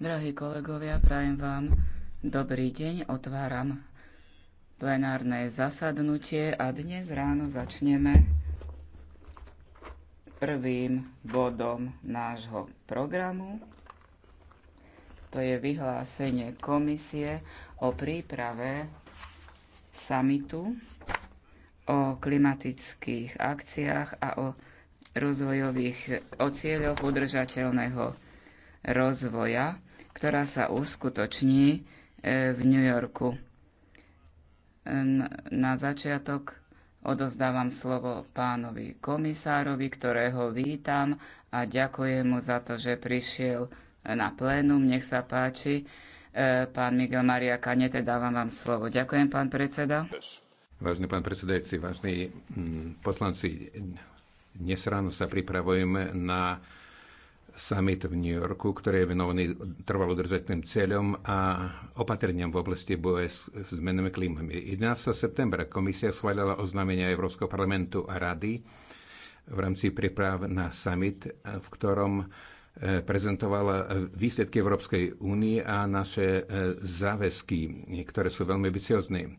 Drahí kolegovia, prajem vám dobrý deň. Otváram plenárne zasadnutie a dnes ráno začneme prvým bodom nášho programu. To je vyhlásenie komisie o príprave samitu o klimatických akciách a o rozvojových o cieľoch udržateľného rozvoja, ktorá sa uskutoční e, v New Yorku. Na začiatok odozdávam slovo pánovi komisárovi, ktorého vítam a ďakujem mu za to, že prišiel na plénum. Nech sa páči. E, pán Miguel Maria Kanete, dávam vám slovo. Ďakujem, pán predseda. Vážený pán predsedajúci, vážení poslanci, dnes ráno sa pripravujeme na summit v New Yorku, ktorý je venovaný trvalo cieľom a opatreniam v oblasti boje s zmenami klímami. 11. septembra komisia schválila oznámenia Európskeho parlamentu a rady v rámci príprav na summit, v ktorom e, prezentovala e, výsledky Európskej únie a naše e, záväzky, ktoré sú veľmi viciozné.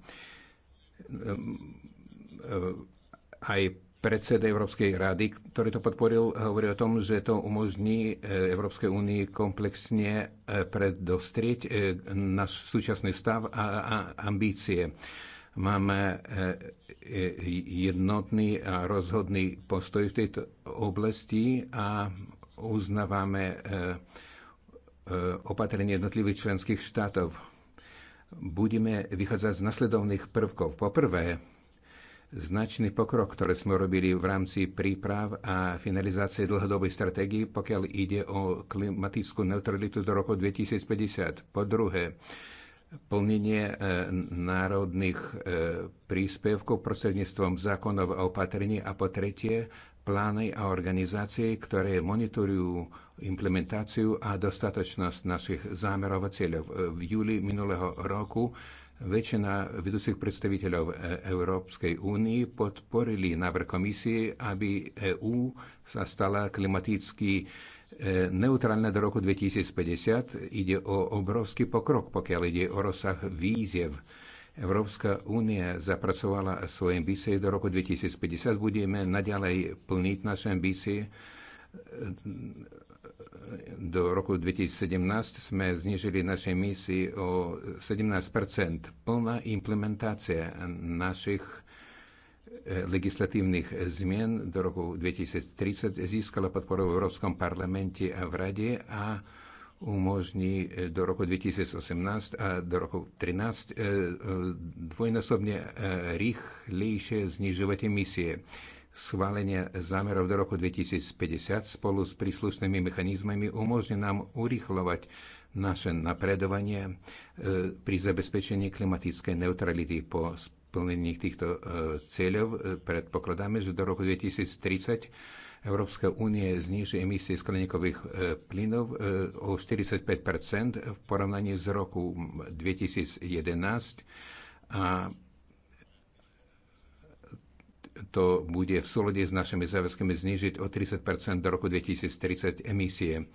Aj predseda Európskej rady, ktorý to podporil, hovorí o tom, že to umožní e, Európskej únii komplexne e, predostrieť e, náš súčasný stav a ambície. Máme jednotný a rozhodný postoj v tejto oblasti a uznávame opatrenie jednotlivých členských štátov. Budeme vychádzať z nasledovných prvkov. Poprvé, značný pokrok, ktoré sme robili v rámci príprav a finalizácie dlhodobej stratégie, pokiaľ ide o klimatickú neutralitu do roku 2050. Po druhé, plnenie e, národných e, príspevkov prostredníctvom zákonov a opatrení a po tretie plány a organizácie, ktoré monitorujú implementáciu a dostatočnosť našich zámerov a cieľov. E, v júli minulého roku Väčšina vedúcich predstaviteľov e, Európskej únie podporili návrh komisie, aby EÚ sa stala klimaticky e, neutrálna do roku 2050. Ide o obrovský pokrok, pokiaľ ide o rozsah víziev. Európska únia zapracovala svoje ambície do roku 2050. Budeme naďalej plniť naše ambície do roku 2017 sme znižili naše emisie o 17 Plná implementácia našich e, legislatívnych zmien do roku 2030 získala podporu v Európskom parlamente a v Rade a umožní e, do roku 2018 a do roku 2013 e, dvojnásobne rýchlejšie znižovať emisie schválenia zámerov do roku 2050 spolu s príslušnými mechanizmami umožní nám urýchlovať naše napredovanie e, pri zabezpečení klimatickej neutrality po splnení týchto e, cieľov. E, predpokladáme, že do roku 2030 Európska únie zniží emisie skleníkových plynov o 45 v porovnaní s roku 2011 a to bude v súlade s našimi záväzkami znižiť o 30 do roku 2030 emisie.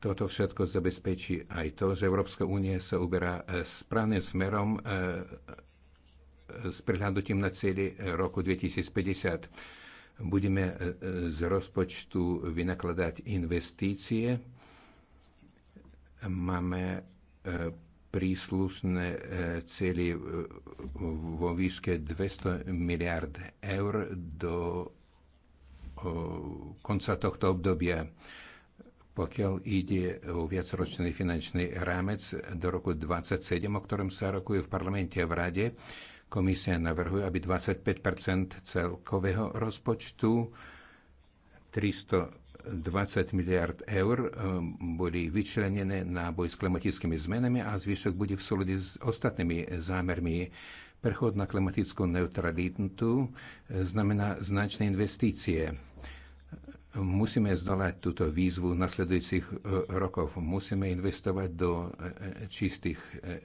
Toto všetko zabezpečí aj to, že Európska únia sa uberá e, správnym smerom e, s prihľadnutím na cieľi roku 2050. Budeme e, z rozpočtu vynakladať investície. Máme príslušné e, cely e, vo výške 200 miliard eur do konca tohto obdobia. Pokiaľ ide o viacročný finančný rámec do roku 2027, o ktorom sa rokuje v parlamente a v rade, komisia navrhuje, aby 25 celkového rozpočtu 300 20 miliard eur eh, boli vyčlenené na boj s klimatickými zmenami a zvyšok bude v súlade s ostatnými zámermi. Prechod na klimatickú neutralitu eh, znamená značné investície. Musíme zdolať túto výzvu nasledujúcich eh, rokov. Musíme investovať do čistých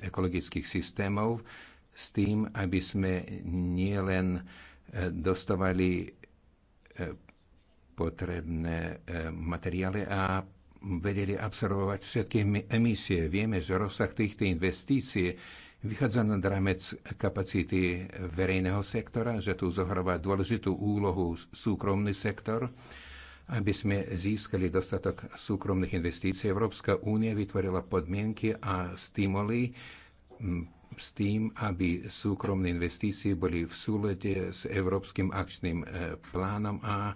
ekologických systémov s tým, aby sme nielen dostávali potrebné e, materiály a vedeli absorbovať všetky emisie. Vieme, že rozsah týchto investícií vychádza na rámec kapacity verejného sektora, že tu zohráva dôležitú úlohu súkromný sektor. Aby sme získali dostatok súkromných investícií, Európska únia vytvorila podmienky a stimuly s tým, aby súkromné investície boli v súlede s Európskym akčným e, plánom a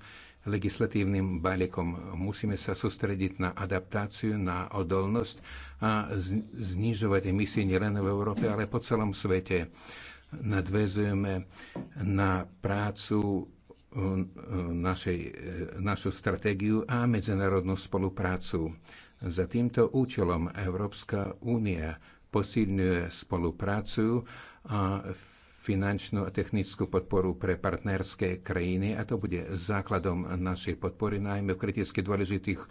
legislatívnym balíkom. Musíme sa sústrediť na adaptáciu, na odolnosť a znižovať emisie nielen v Európe, ale po celom svete. Nadvezujeme na prácu eh, našej, eh, našu stratégiu a medzinárodnú spoluprácu. Za týmto účelom Európska únia posilňuje spoluprácu a finančnú a technickú podporu pre partnerské krajiny a to bude základom našej podpory, najmä v kriticky dôležitých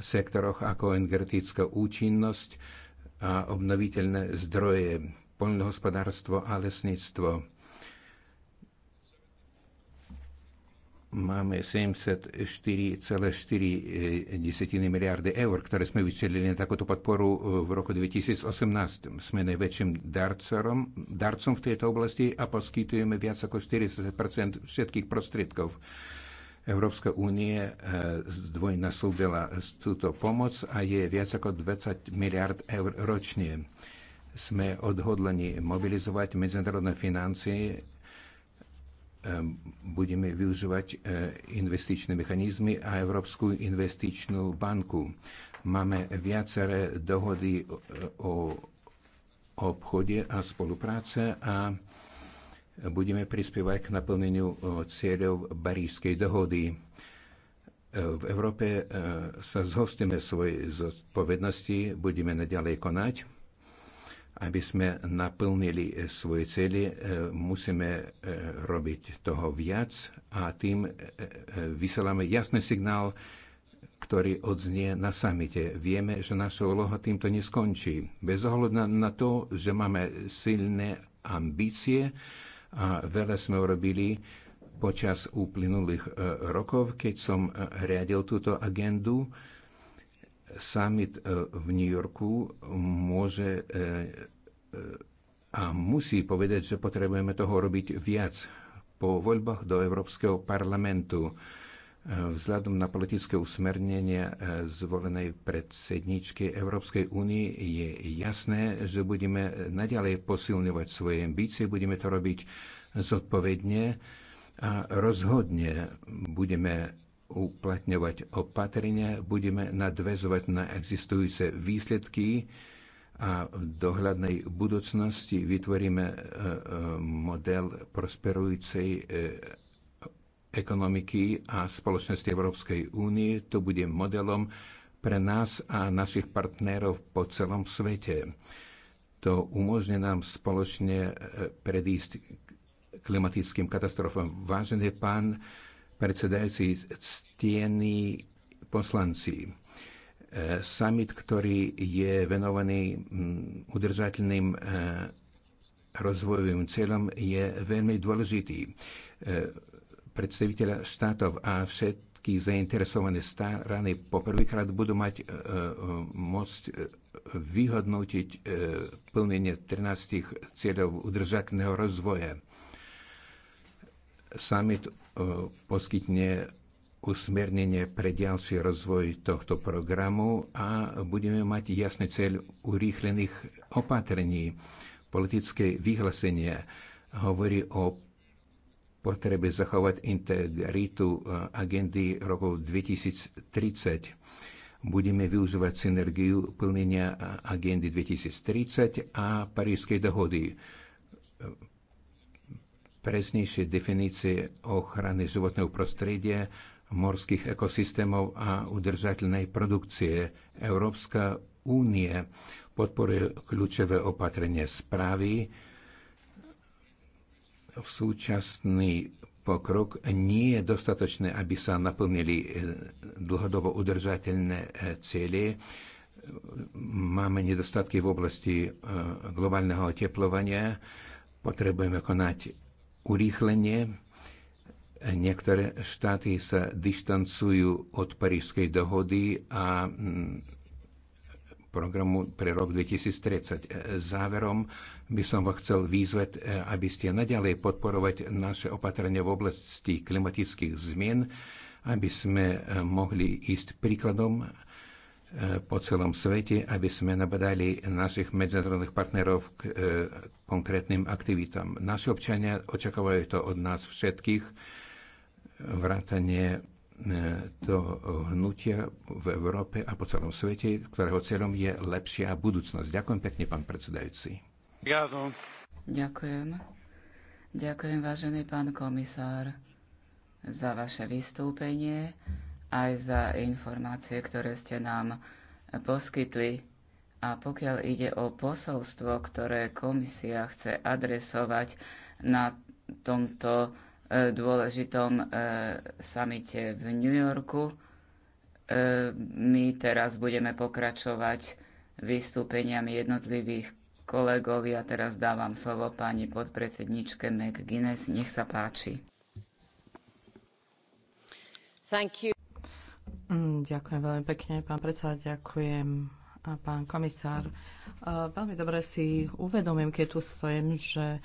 sektoroch ako energetická účinnosť a obnoviteľné zdroje, poľnohospodárstvo a lesníctvo. máme 74,4 eh, miliardy eur, ktoré sme vyčelili na takúto podporu eh, v roku 2018. Sme najväčším darcom, darcom v tejto oblasti a poskytujeme viac ako 40 všetkých prostriedkov. Európska únie eh, zdvojnásobila túto pomoc a je viac ako 20 miliard eur ročne. Sme odhodlani mobilizovať medzinárodné financie Ehm, budeme využívať eh, investičné mechanizmy a Európsku investičnú banku. Máme viaceré dohody eh, o obchode a spolupráce a budeme prispievať k naplneniu eh, cieľov Barížskej dohody. V Európe sa zhostíme svojej zodpovednosti, budeme naďalej konať aby sme naplnili eh, svoje cely, eh, musíme eh, robiť toho viac a tým vysielame jasný signál, ktorý odznie na samite. Vieme, že naša úloha týmto neskončí. Bez ohľadu na to, že máme silné ambície a veľa sme urobili počas uplynulých rokov, keď som riadil túto agendu, Summit e, v New Yorku môže e, e, a musí povedať, že potrebujeme toho robiť viac po voľbách do Európskeho parlamentu. Vzhľadom na politické usmernenie zvolenej predsedničky Európskej únie je jasné, že budeme nadalej posilňovať svoje ambície, budeme to robiť zodpovedne a rozhodne budeme uplatňovať opatrenia, budeme nadvezovať na existujúce výsledky a v dohľadnej budúcnosti vytvoríme e, e, model prosperujúcej e, ekonomiky a spoločnosti Európskej únie. To bude modelom pre nás a našich partnerov po celom svete. To umožne nám spoločne predísť klimatickým katastrofám. Vážený pán, predsedajúci, ctiení poslanci. E, summit, ktorý je venovaný udržateľným e, rozvojovým cieľom, je veľmi dôležitý. E, predstaviteľa štátov a všetky zainteresované strany poprvýkrát budú mať môcť vyhodnotiť plnenie 13 cieľov udržateľného rozvoja. Summit E, poskytne usmernenie pre ďalší rozvoj tohto programu a budeme mať jasný cieľ urýchlených opatrení. Politické vyhlásenie hovorí o potrebe zachovať integritu e, agendy rokov 2030. Budeme využívať synergiu plnenia agendy 2030 a Parískej dohody presnejšie definície ochrany životného prostredia, morských ekosystémov a udržateľnej produkcie. Európska únie podporuje kľúčové opatrenie správy. V súčasný pokrok nie je dostatočné, aby sa naplnili eh, dlhodobo udržateľné eh, cieľe. Máme nedostatky v oblasti eh, globálneho oteplovania, potrebujeme konať urýchlenie. Niektoré štáty sa dištancujú od Parížskej dohody a mm, programu pre rok 2030. Záverom by som vám chcel výzvať, e, aby ste nadalej podporovať naše opatrenia v oblasti klimatických zmien, aby sme e, mohli ísť príkladom E, po celom svete, aby sme nabadali našich medzinárodných partnerov k e, konkrétnym aktivitám. Naši občania očakávajú to od nás všetkých, vrátanie e, to hnutia v Európe a po celom svete, ktorého cieľom je lepšia budúcnosť. Ďakujem pekne, pán predsedajúci. Ďakujem. Ďakujem, vážený pán komisár, za vaše vystúpenie aj za informácie, ktoré ste nám poskytli. A pokiaľ ide o posolstvo, ktoré komisia chce adresovať na tomto e, dôležitom e, samite v New Yorku, e, my teraz budeme pokračovať vystúpeniami jednotlivých kolegov. Ja teraz dávam slovo pani podpredsedničke McGuinness. Nech sa páči. Thank you. Mm, ďakujem veľmi pekne, pán predseda, ďakujem a pán komisár. Veľmi dobre si uvedomím, keď tu stojím, že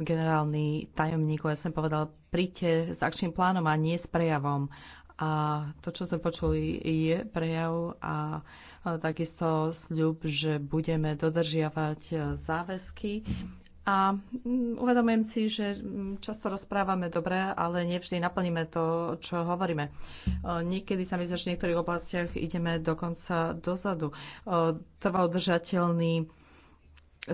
generálny tajomník OSN povedal, príďte s akčným plánom a nie s prejavom. A to, čo sme počuli, je prejav a takisto sľub, že budeme dodržiavať e, záväzky a mm, uvedomujem si, že mm, často rozprávame dobre, ale nevždy naplníme to, čo hovoríme. E, niekedy sa myslím, že v niektorých oblastiach ideme dokonca dozadu. E, Trvalodržateľný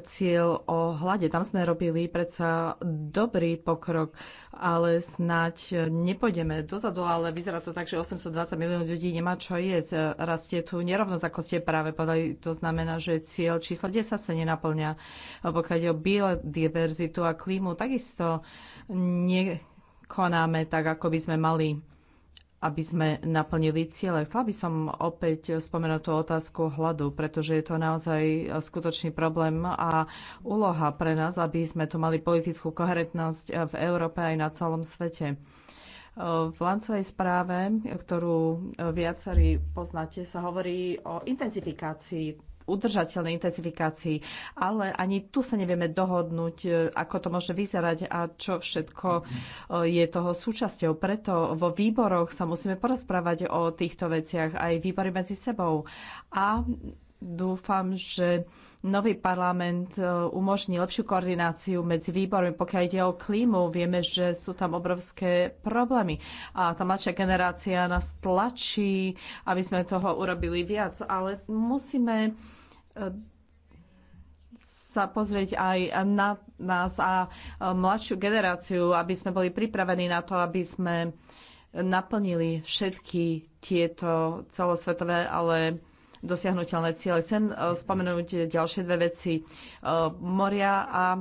cieľ o hlade. Tam sme robili predsa dobrý pokrok, ale snáď nepôjdeme dozadu, ale vyzerá to tak, že 820 miliónov ľudí nemá čo jesť. Rastie tu nerovnosť, ako ste práve povedali. To znamená, že cieľ číslo 10 sa nenaplňa. Pokiaľ ide o biodiverzitu a klímu, takisto nekonáme tak, ako by sme mali aby sme naplnili ciele. Chcela by som opäť spomenúť tú otázku hladu, pretože je to naozaj skutočný problém a úloha pre nás, aby sme tu mali politickú koherentnosť v Európe aj na celom svete. V lancovej správe, ktorú viacerí poznáte, sa hovorí o intenzifikácii udržateľnej intenzifikácii, ale ani tu sa nevieme dohodnúť, e, ako to môže vyzerať a čo všetko e, je toho súčasťou. Preto vo výboroch sa musíme porozprávať o týchto veciach aj výbory medzi sebou. A dúfam, že nový parlament e, umožní lepšiu koordináciu medzi výbormi. Pokiaľ ide o klímu, vieme, že sú tam obrovské problémy a tá mladšia generácia nás tlačí, aby sme toho urobili viac, ale musíme e, sa pozrieť aj na nás a e, mladšiu generáciu, aby sme boli pripravení na to, aby sme naplnili všetky tieto celosvetové, ale dosiahnuteľné ciele. Chcem e, spomenúť ďalšie dve veci. E, moria a e,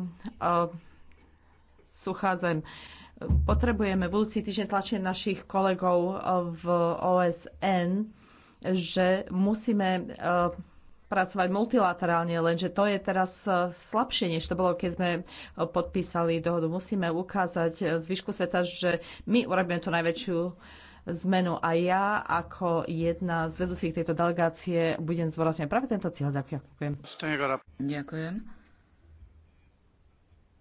suchá zem. Potrebujeme budúci týždeň tlačiť našich kolegov v OSN, že musíme pracovať multilaterálne, lenže to je teraz slabšie, než to bolo, keď sme podpísali dohodu. Musíme ukázať zvyšku sveta, že my urobíme tú najväčšiu zmenu. A ja ako jedna z vedúcich tejto delegácie budem zdôrazňovať práve tento cieľ. Ďakujem. Ďakujem.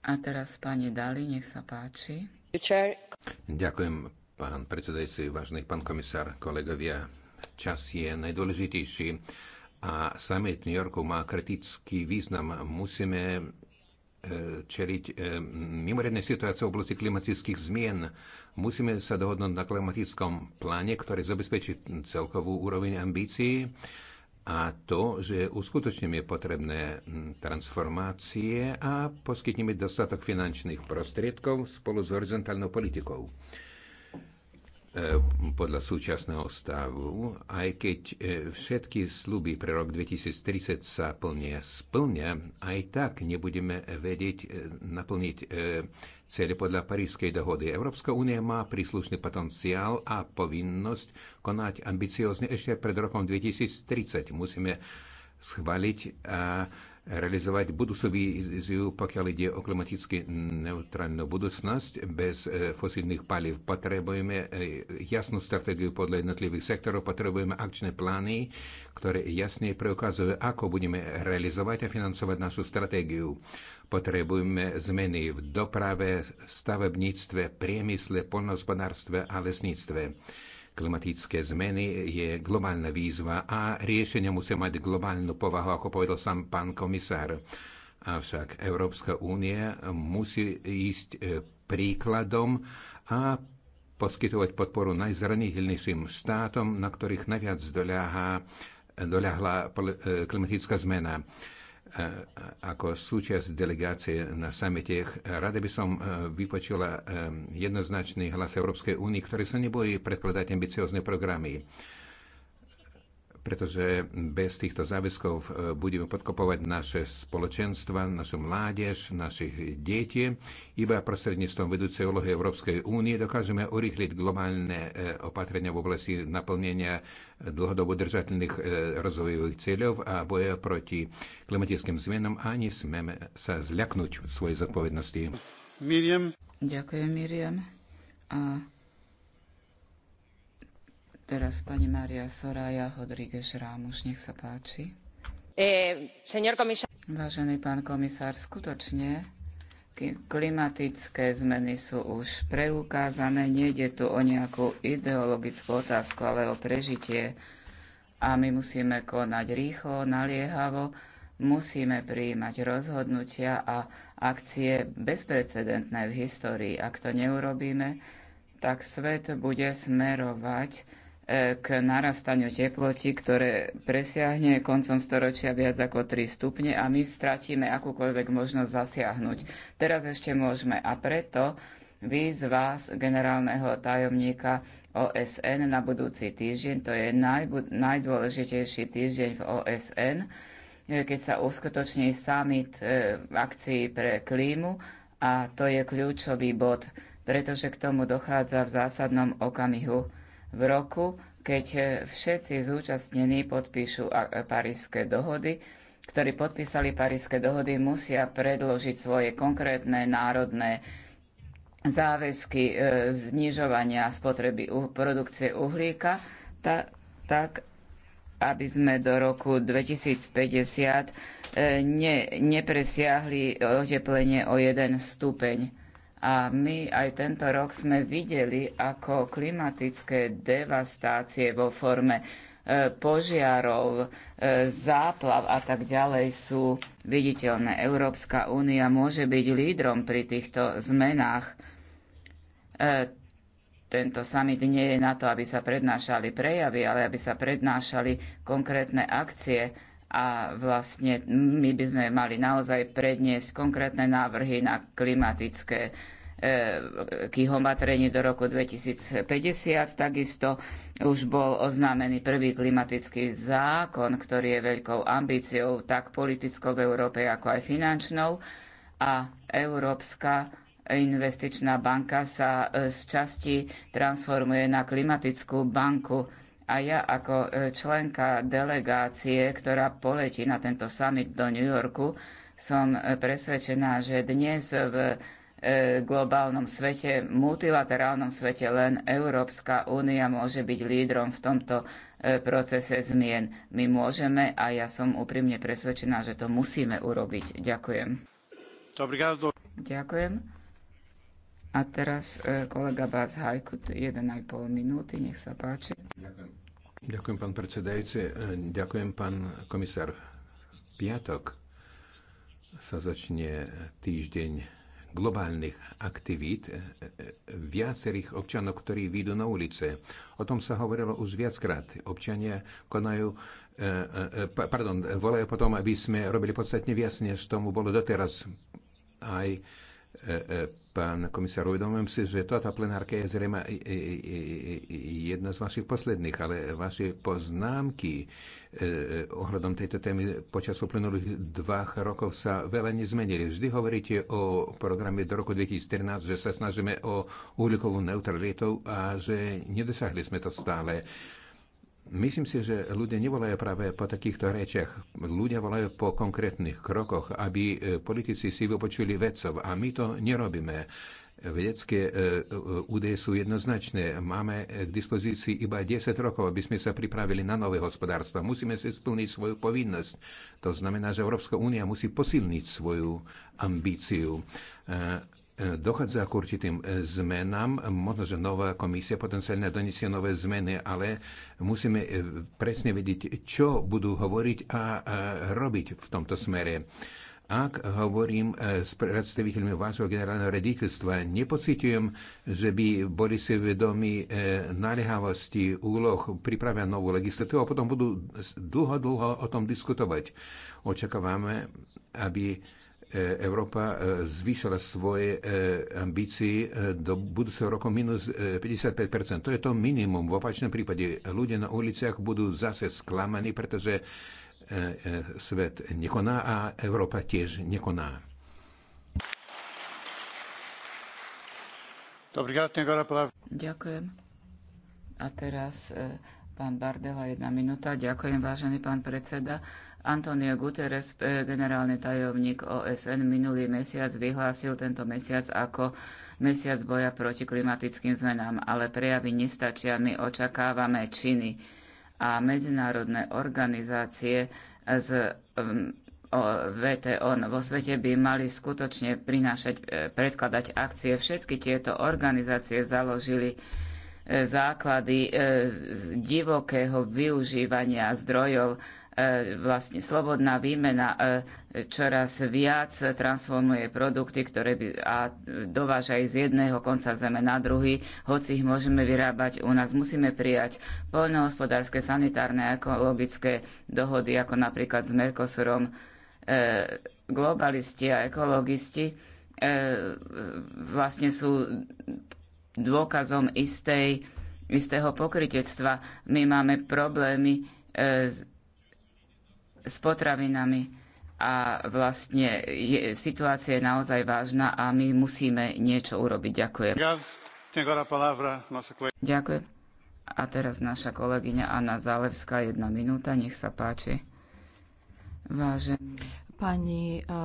A teraz pani Dali, nech sa páči. Ďakujem, pán predsedajúci, vážny pán komisár, kolegovia. Čas je najdôležitejší a summit New Yorku má kritický význam. Musíme E, čeliť e, mimoriadnej situácii v oblasti klimatických zmien. Musíme sa dohodnúť na klimatickom pláne, ktorý zabezpečí celkovú úroveň ambícií a to, že uskutočníme potrebné transformácie a poskytneme dostatok finančných prostriedkov spolu s horizontálnou politikou. E, podľa súčasného stavu, aj keď e, všetky sluby pre rok 2030 sa plne splnia, aj tak nebudeme vedieť e, naplniť cele podľa Parískej dohody. Európska únia má príslušný potenciál a povinnosť konať ambiciozne ešte pred rokom 2030. Musíme schváliť a realizovať budúcu víziu, pokiaľ ide o klimaticky neutrálnu budúcnosť. Bez e, fosílnych palív potrebujeme e, jasnú stratégiu podľa jednotlivých sektorov, potrebujeme akčné plány, ktoré jasne preukazujú, ako budeme realizovať a financovať našu stratégiu. Potrebujeme zmeny v doprave, stavebníctve, priemysle, polnohospodárstve a lesníctve Klimatické zmeny je globálna výzva a riešenia musia mať globálnu povahu, ako povedal sám pán komisár. Avšak Európska únia musí ísť e, príkladom a poskytovať podporu najzraniteľnejším štátom, na ktorých najviac doľahá, doľahla e, klimatická zmena ako súčasť delegácie na samite. Rada by som e, vypočula e, jednoznačný hlas Európskej únie, ktorý sa nebojí predkladať ambiciozne programy pretože bez týchto záväzkov e, budeme podkopovať naše spoločenstva, našu mládež, našich detí. Iba prostredníctvom vedúcej úlohy Európskej únie dokážeme urýchliť globálne e, opatrenia v oblasti naplnenia dlhodobo držateľných e, rozvojových cieľov a boja proti klimatickým zmenám a smeme sa zľaknúť svojej zodpovednosti. Miriam. Ďakujem, Miriam. A Teraz pani Maria Soraya Rodríguez Rámuš, nech sa páči. Eh, Vážený pán komisár, skutočne klimatické zmeny sú už preukázané. Nejde tu o nejakú ideologickú otázku, ale o prežitie. A my musíme konať rýchlo, naliehavo, musíme prijímať rozhodnutia a akcie bezprecedentné v histórii. Ak to neurobíme, tak svet bude smerovať E, k narastaniu teploty, ktoré presiahne koncom storočia viac ako 3 stupne a my stratíme akúkoľvek možnosť zasiahnuť. Teraz ešte môžeme a preto vy z vás, generálneho tajomníka OSN na budúci týždeň, to je najdôležitejší týždeň v OSN, e, keď sa uskutoční summit v e, akcii pre klímu a to je kľúčový bod, pretože k tomu dochádza v zásadnom okamihu v roku, keď eh, všetci zúčastnení podpíšu eh, parížske dohody, ktorí podpísali parížske dohody, musia predložiť svoje konkrétne národné záväzky e, znižovania spotreby produkcie uhlíka, ta, tak aby sme do roku 2050 e, ne, nepresiahli oteplenie o 1 stupeň. A my aj tento rok sme videli, ako klimatické devastácie vo forme e, požiarov, e, záplav a tak ďalej sú viditeľné. Európska únia môže byť lídrom pri týchto zmenách. E, tento summit nie je na to, aby sa prednášali prejavy, ale aby sa prednášali konkrétne akcie a vlastne my by sme mali naozaj predniesť konkrétne návrhy na klimatické e, k do roku 2050. Takisto už bol oznámený prvý klimatický zákon, ktorý je veľkou ambíciou tak politickou v Európe, ako aj finančnou. A Európska investičná banka sa e, z časti transformuje na klimatickú banku a ja ako e, členka delegácie, ktorá poletí na tento summit do New Yorku, som e, presvedčená, že dnes v e, globálnom svete, multilaterálnom svete len Európska únia môže byť lídrom v tomto procese zmien. My môžeme a ja som úprimne presvedčená, že to musíme urobiť. Ďakujem. Ďakujem. A teraz e, kolega Bás Hajku, 1,5 minúty, nech sa páči. Ďakujem. Ďakujem, pán predsedajúci. E, ďakujem, pán komisár. Piatok sa začne týždeň globálnych aktivít e, viacerých občanov, ktorí výjdu na ulice. O tom sa hovorilo už viackrát. Občania konajú, pardon, volajú potom, aby sme robili podstatne viac, než tomu bolo doteraz. Aj E, e, pán komisár, uvedomujem si, že táto plenárka je zrejme jedna z vašich posledných, ale vaše poznámky e, ohľadom tejto témy počas uplynulých dvoch rokov sa veľa nezmenili. Vždy hovoríte o programe do roku 2014, že sa snažíme o uhlíkovú neutralitu a že nedosiahli sme to stále. Myslím si, že ľudia nevolajú práve po takýchto rečiach. Ľudia volajú po konkrétnych krokoch, aby e, politici si vypočuli vedcov. A my to nerobíme. Vedecké e, e, údaje sú jednoznačné. Máme k dispozícii iba 10 rokov, aby sme sa pripravili na nové hospodárstvo. Musíme si splniť svoju povinnosť. To znamená, že Európska únia musí posilniť svoju ambíciu dochádza k určitým e, zmenám. Možno, že nová komisia potenciálne donesie nové zmeny, ale musíme e, presne vedieť, čo budú hovoriť a e, robiť v tomto smere. Ak hovorím s predstaviteľmi vášho generálneho rediteľstva, nepocitujem, že by boli si vedomi naliehavosti úloh, pripravia novú legislatívu a potom budú dlho, dlho o tom diskutovať. Očakávame, aby E, Európa e, zvýšila svoje e, ambície do budúceho roku minus 55%. To je to minimum. V opačnom prípade ľudia na uliciach budú zase sklamaní, pretože svet nekoná a Európa tiež nekoná. Ďakujem. A teraz Pán Bardela, jedna minúta. Ďakujem, vážený pán predseda. Antonio Guterres, eh, generálny tajomník OSN, minulý mesiac vyhlásil tento mesiac ako mesiac boja proti klimatickým zmenám, ale prejavy nestačia, my očakávame činy. A medzinárodné organizácie z VTO mm, no, vo svete by mali skutočne prinášať, eh, predkladať akcie. Všetky tieto organizácie založili základy e, divokého využívania zdrojov. E, vlastne slobodná výmena e, čoraz viac transformuje produkty, ktoré by, a dováža z jedného konca zeme na druhý, hoci ich môžeme vyrábať u nás. Musíme prijať poľnohospodárske, sanitárne a ekologické dohody, ako napríklad s Mercosurom. Globalisti a ekologisti vlastne sú dôkazom istej, istého pokritectva. My máme problémy e, s, s potravinami a vlastne je, situácia je naozaj vážna a my musíme niečo urobiť. Ďakujem. Ďakujem. A teraz naša kolegyňa Anna Zálevská, jedna minúta, nech sa páči. Vážený. Pani, e,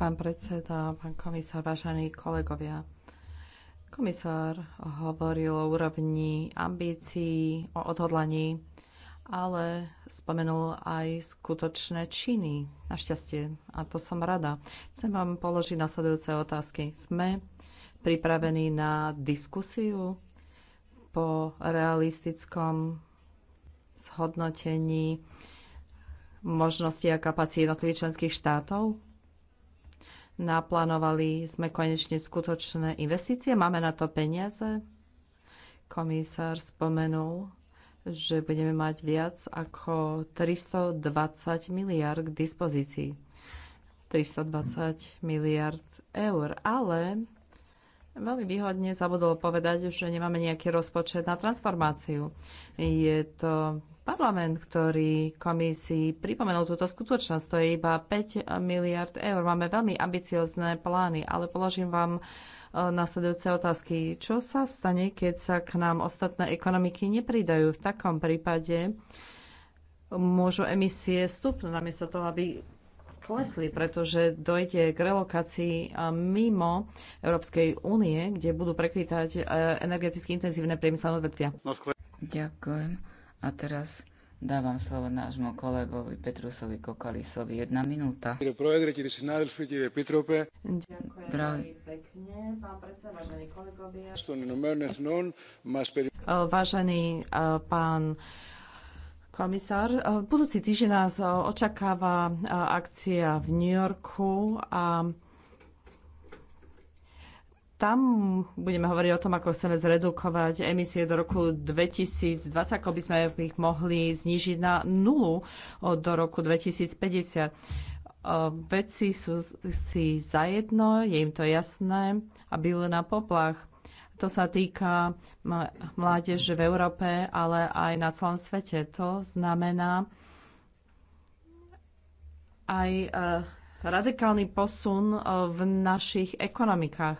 pán predseda, pán komisár, vážení kolegovia. Komisár hovoril o úrovni ambícií, o odhodlaní, ale spomenul aj skutočné činy, našťastie, a to som rada. Chcem vám položiť nasledujúce otázky. Sme pripravení na diskusiu po realistickom zhodnotení možností a kapacít jednotlivých členských štátov? Naplánovali sme konečne skutočné investície, máme na to peniaze. Komisár spomenul, že budeme mať viac ako 320 miliard k dispozícii. 320 miliard eur, ale veľmi výhodne zabudol povedať, že nemáme nejaký rozpočet na transformáciu. Je to parlament, ktorý komisii pripomenul túto skutočnosť. To je iba 5 miliard eur. Máme veľmi ambiciozne plány, ale položím vám e, nasledujúce otázky. Čo sa stane, keď sa k nám ostatné ekonomiky nepridajú? V takom prípade môžu emisie stúpnuť namiesto toho, aby klesli, pretože dojde k relokácii e, mimo Európskej únie, kde budú prekvítať e, energeticky intenzívne priemyselné odvetvia. Ďakujem. A teraz dávam slovo nášmu kolegovi Petrusovi Kokalisovi. Jedna minúta. Ďakujem pekne, pán predseda, vážení kolegovia. Vážený pán komisár, budúci týždeň nás očakáva akcia v New Yorku a tam budeme hovoriť o tom, ako chceme zredukovať emisie do roku 2020, ako by sme ich mohli znižiť na nulu do roku 2050. Vedci sú si zajedno, je im to jasné a bývajú na poplach. To sa týka mládeže v Európe, ale aj na celom svete. To znamená aj e, radikálny posun e, v našich ekonomikách.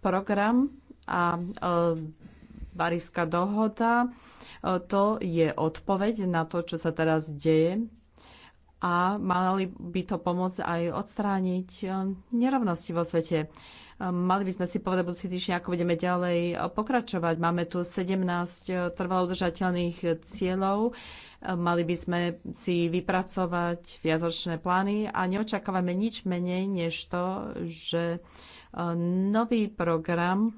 program a e, Paríska dohoda, e, to je odpoveď na to, čo sa teraz deje a mali by to pomôcť aj odstrániť e, nerovnosti vo svete. Mali by sme si povedať budúci týždeň, ako budeme ďalej pokračovať. Máme tu 17 trvalo udržateľných cieľov. Mali by sme si vypracovať viacročné plány a neočakávame nič menej než to, že Nový program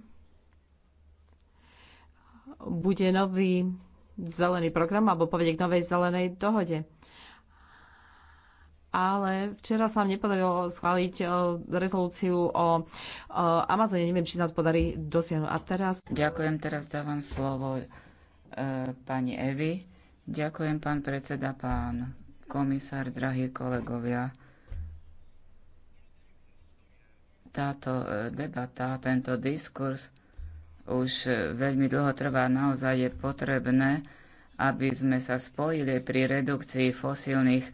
bude nový zelený program alebo povede k novej zelenej dohode. Ale včera sa nám nepodarilo schváliť e, rezolúciu o e, Amazone. Neviem, či sa to podarí dosiahnuť. A teraz... Ďakujem, teraz dávam slovo e, pani Evi. Ďakujem, pán predseda, pán komisár, drahí kolegovia. Táto e, debata, tento diskurs už e, veľmi dlho trvá. Naozaj je potrebné, aby sme sa spojili pri redukcii fosílnych e,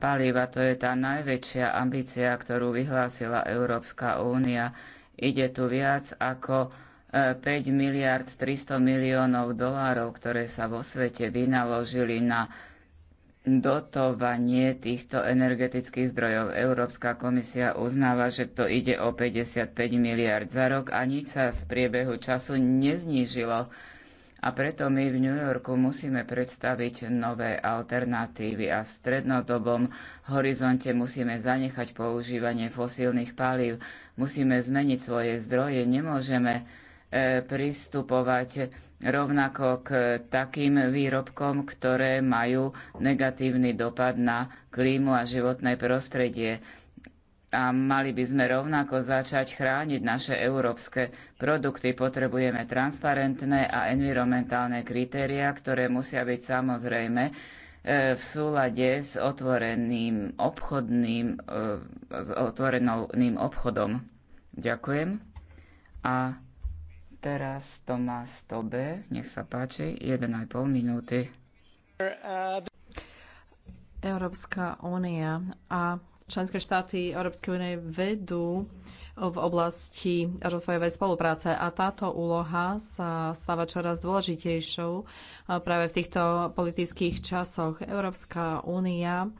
palív. A to je tá najväčšia ambícia, ktorú vyhlásila Európska únia. Ide tu viac ako 5 miliard 300 miliónov dolárov, ktoré sa vo svete vynaložili na dotovanie týchto energetických zdrojov. Európska komisia uznáva, že to ide o 55 miliard za rok a nič sa v priebehu času neznížilo. A preto my v New Yorku musíme predstaviť nové alternatívy a v strednodobom horizonte musíme zanechať používanie fosílnych palív, musíme zmeniť svoje zdroje, nemôžeme eh, pristupovať rovnako k takým výrobkom, ktoré majú negatívny dopad na klímu a životné prostredie. A mali by sme rovnako začať chrániť naše európske produkty. Potrebujeme transparentné a environmentálne kritériá, ktoré musia byť samozrejme e, v súlade s otvoreným obchodným, e, s otvoreným obchodom. Ďakujem. A Teraz Tomás Tobe, nech sa páči, 1,5 minúty. Európska únia a členské štáty Európskej únie vedú v oblasti rozvojovej spolupráce a táto úloha sa stáva čoraz dôležitejšou práve v týchto politických časoch. Európska únia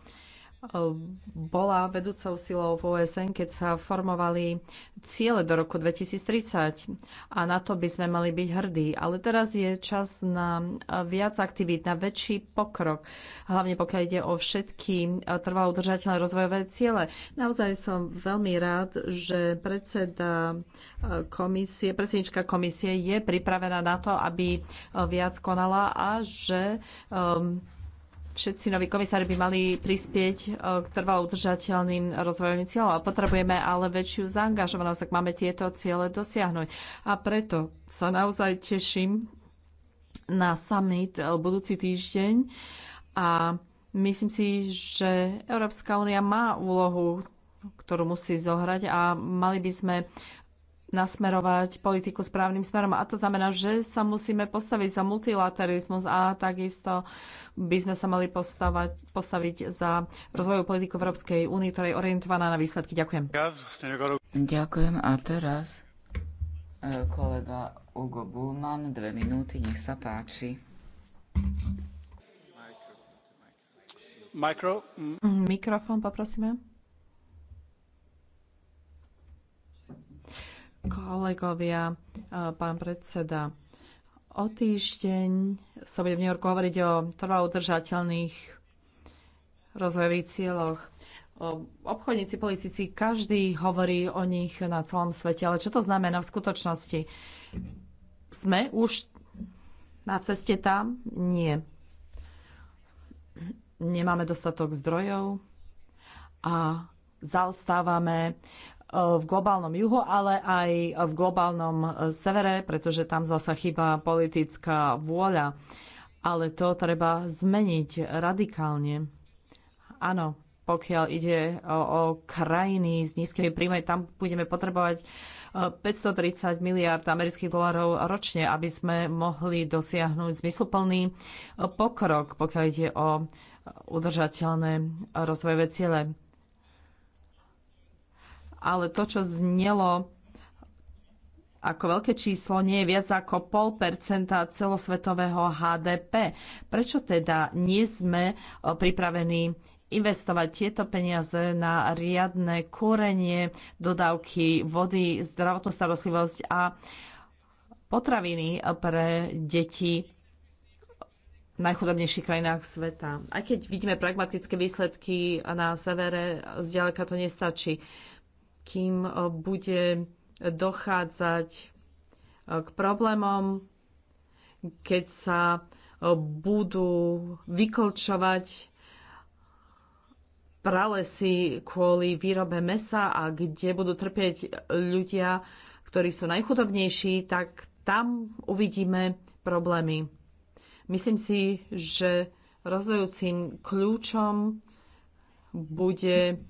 Ehm, bola vedúcou silou v OSN, keď sa formovali ciele do roku 2030 a na to by sme mali byť hrdí. Ale teraz je čas na e, viac aktivít, na väčší pokrok, hlavne pokiaľ ide o všetky e, trvalo udržateľné rozvojové ciele. Naozaj som veľmi rád, že predseda e, komisie, predsednička komisie je pripravená na to, aby viac konala a že um, všetci noví komisári by mali prispieť e, k trvalo udržateľným rozvojovým cieľom. A potrebujeme ale väčšiu zaangažovanosť, ak máme tieto ciele dosiahnuť. A preto sa naozaj teším na summit e, budúci týždeň a myslím si, že Európska únia má úlohu ktorú musí zohrať a mali by sme nasmerovať politiku správnym smerom. A to znamená, že sa musíme postaviť za multilaterizmus a takisto by sme sa mali postavať, postaviť za rozvoju politiku Európskej únie, ktorá je orientovaná na výsledky. Ďakujem. Ďakujem. A teraz e, kolega Ugo Bulman, dve minúty, nech sa páči. Mm. Mikrofón poprosíme. Kolegovia, e, pán predseda, o týždeň sa bude v New Yorku hovoriť o trvaudržateľných udržateľných rozvojových cieľoch. Obchodníci, politici, každý hovorí o nich na celom svete, ale čo to znamená v skutočnosti? Sme už na ceste tam? Nie. Nemáme dostatok zdrojov a zaostávame v globálnom juhu, ale aj v globálnom severe, pretože tam zasa chýba politická vôľa. Ale to treba zmeniť radikálne. Áno, pokiaľ ide o, o krajiny s nízkymi príjmami, tam budeme potrebovať 530 e, miliard amerických dolarov ročne, aby sme mohli dosiahnuť zmysluplný e, pokrok, pokiaľ ide o e, udržateľné rozvojové ciele ale to, čo znelo ako veľké číslo nie je viac ako pol percenta celosvetového HDP. Prečo teda nie sme e, pripravení investovať tieto peniaze na riadne kúrenie, dodávky vody, zdravotnú starostlivosť a potraviny pre deti v najchudobnejších krajinách sveta. Aj keď vidíme pragmatické výsledky na severe, zďaleka to nestačí kým e, bude dochádzať e, k problémom, keď sa e, budú vykolčovať pralesy kvôli výrobe mesa a kde budú trpieť ľudia, ktorí sú najchudobnejší, tak tam uvidíme problémy. Myslím si, že rozvojúcim kľúčom bude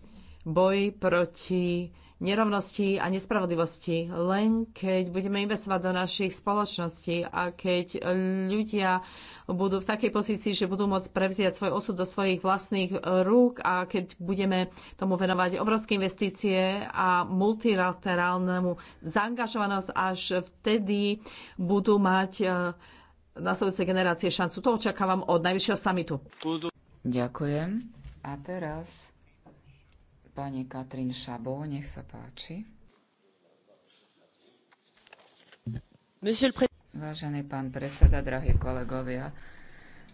boj proti nerovnosti a nespravodlivosti. Len keď budeme investovať do našich spoločností a keď ľudia budú v takej pozícii, že budú môcť prevziať svoj osud do svojich vlastných rúk a keď budeme tomu venovať obrovské investície a multilaterálnemu zaangažovanosť, až vtedy budú mať eh, nasledujúce generácie šancu. To očakávam od najvyššieho samitu. Ďakujem. A teraz pani Katrin Šabó, nech sa páči. Vážený pán predseda, drahí kolegovia,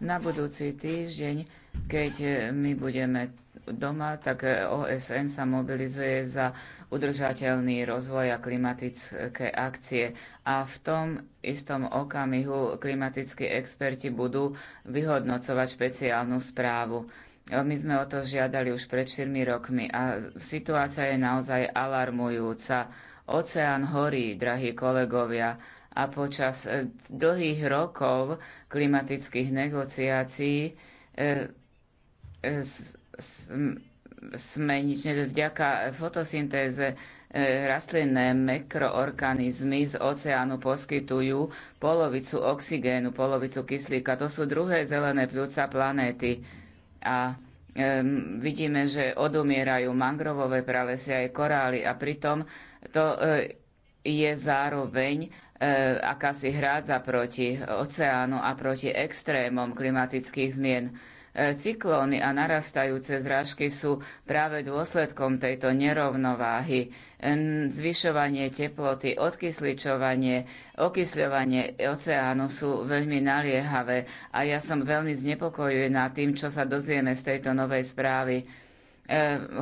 na budúci týždeň, keď my budeme doma, tak OSN sa mobilizuje za udržateľný rozvoj a klimatické akcie. A v tom istom okamihu klimatickí experti budú vyhodnocovať špeciálnu správu. My sme o to žiadali už pred 4 rokmi a situácia je naozaj alarmujúca. Oceán horí, drahí kolegovia, a počas e, dlhých rokov klimatických negociácií e, e, sme nič vďaka fotosyntéze e, rastlinné mikroorganizmy z oceánu poskytujú polovicu oxigénu, polovicu kyslíka. To sú druhé zelené pľúca planéty a um, vidíme, že odumierajú mangrovové pralesy aj korály a pritom to uh, je zároveň uh, akási hrádza proti oceánu a proti extrémom klimatických zmien. Uh, cyklóny a narastajúce zrážky sú práve dôsledkom tejto nerovnováhy. Zvyšovanie teploty, odkysličovanie, okysľovanie oceánu sú veľmi naliehavé a ja som veľmi znepokojená tým, čo sa dozvieme z tejto novej správy. E,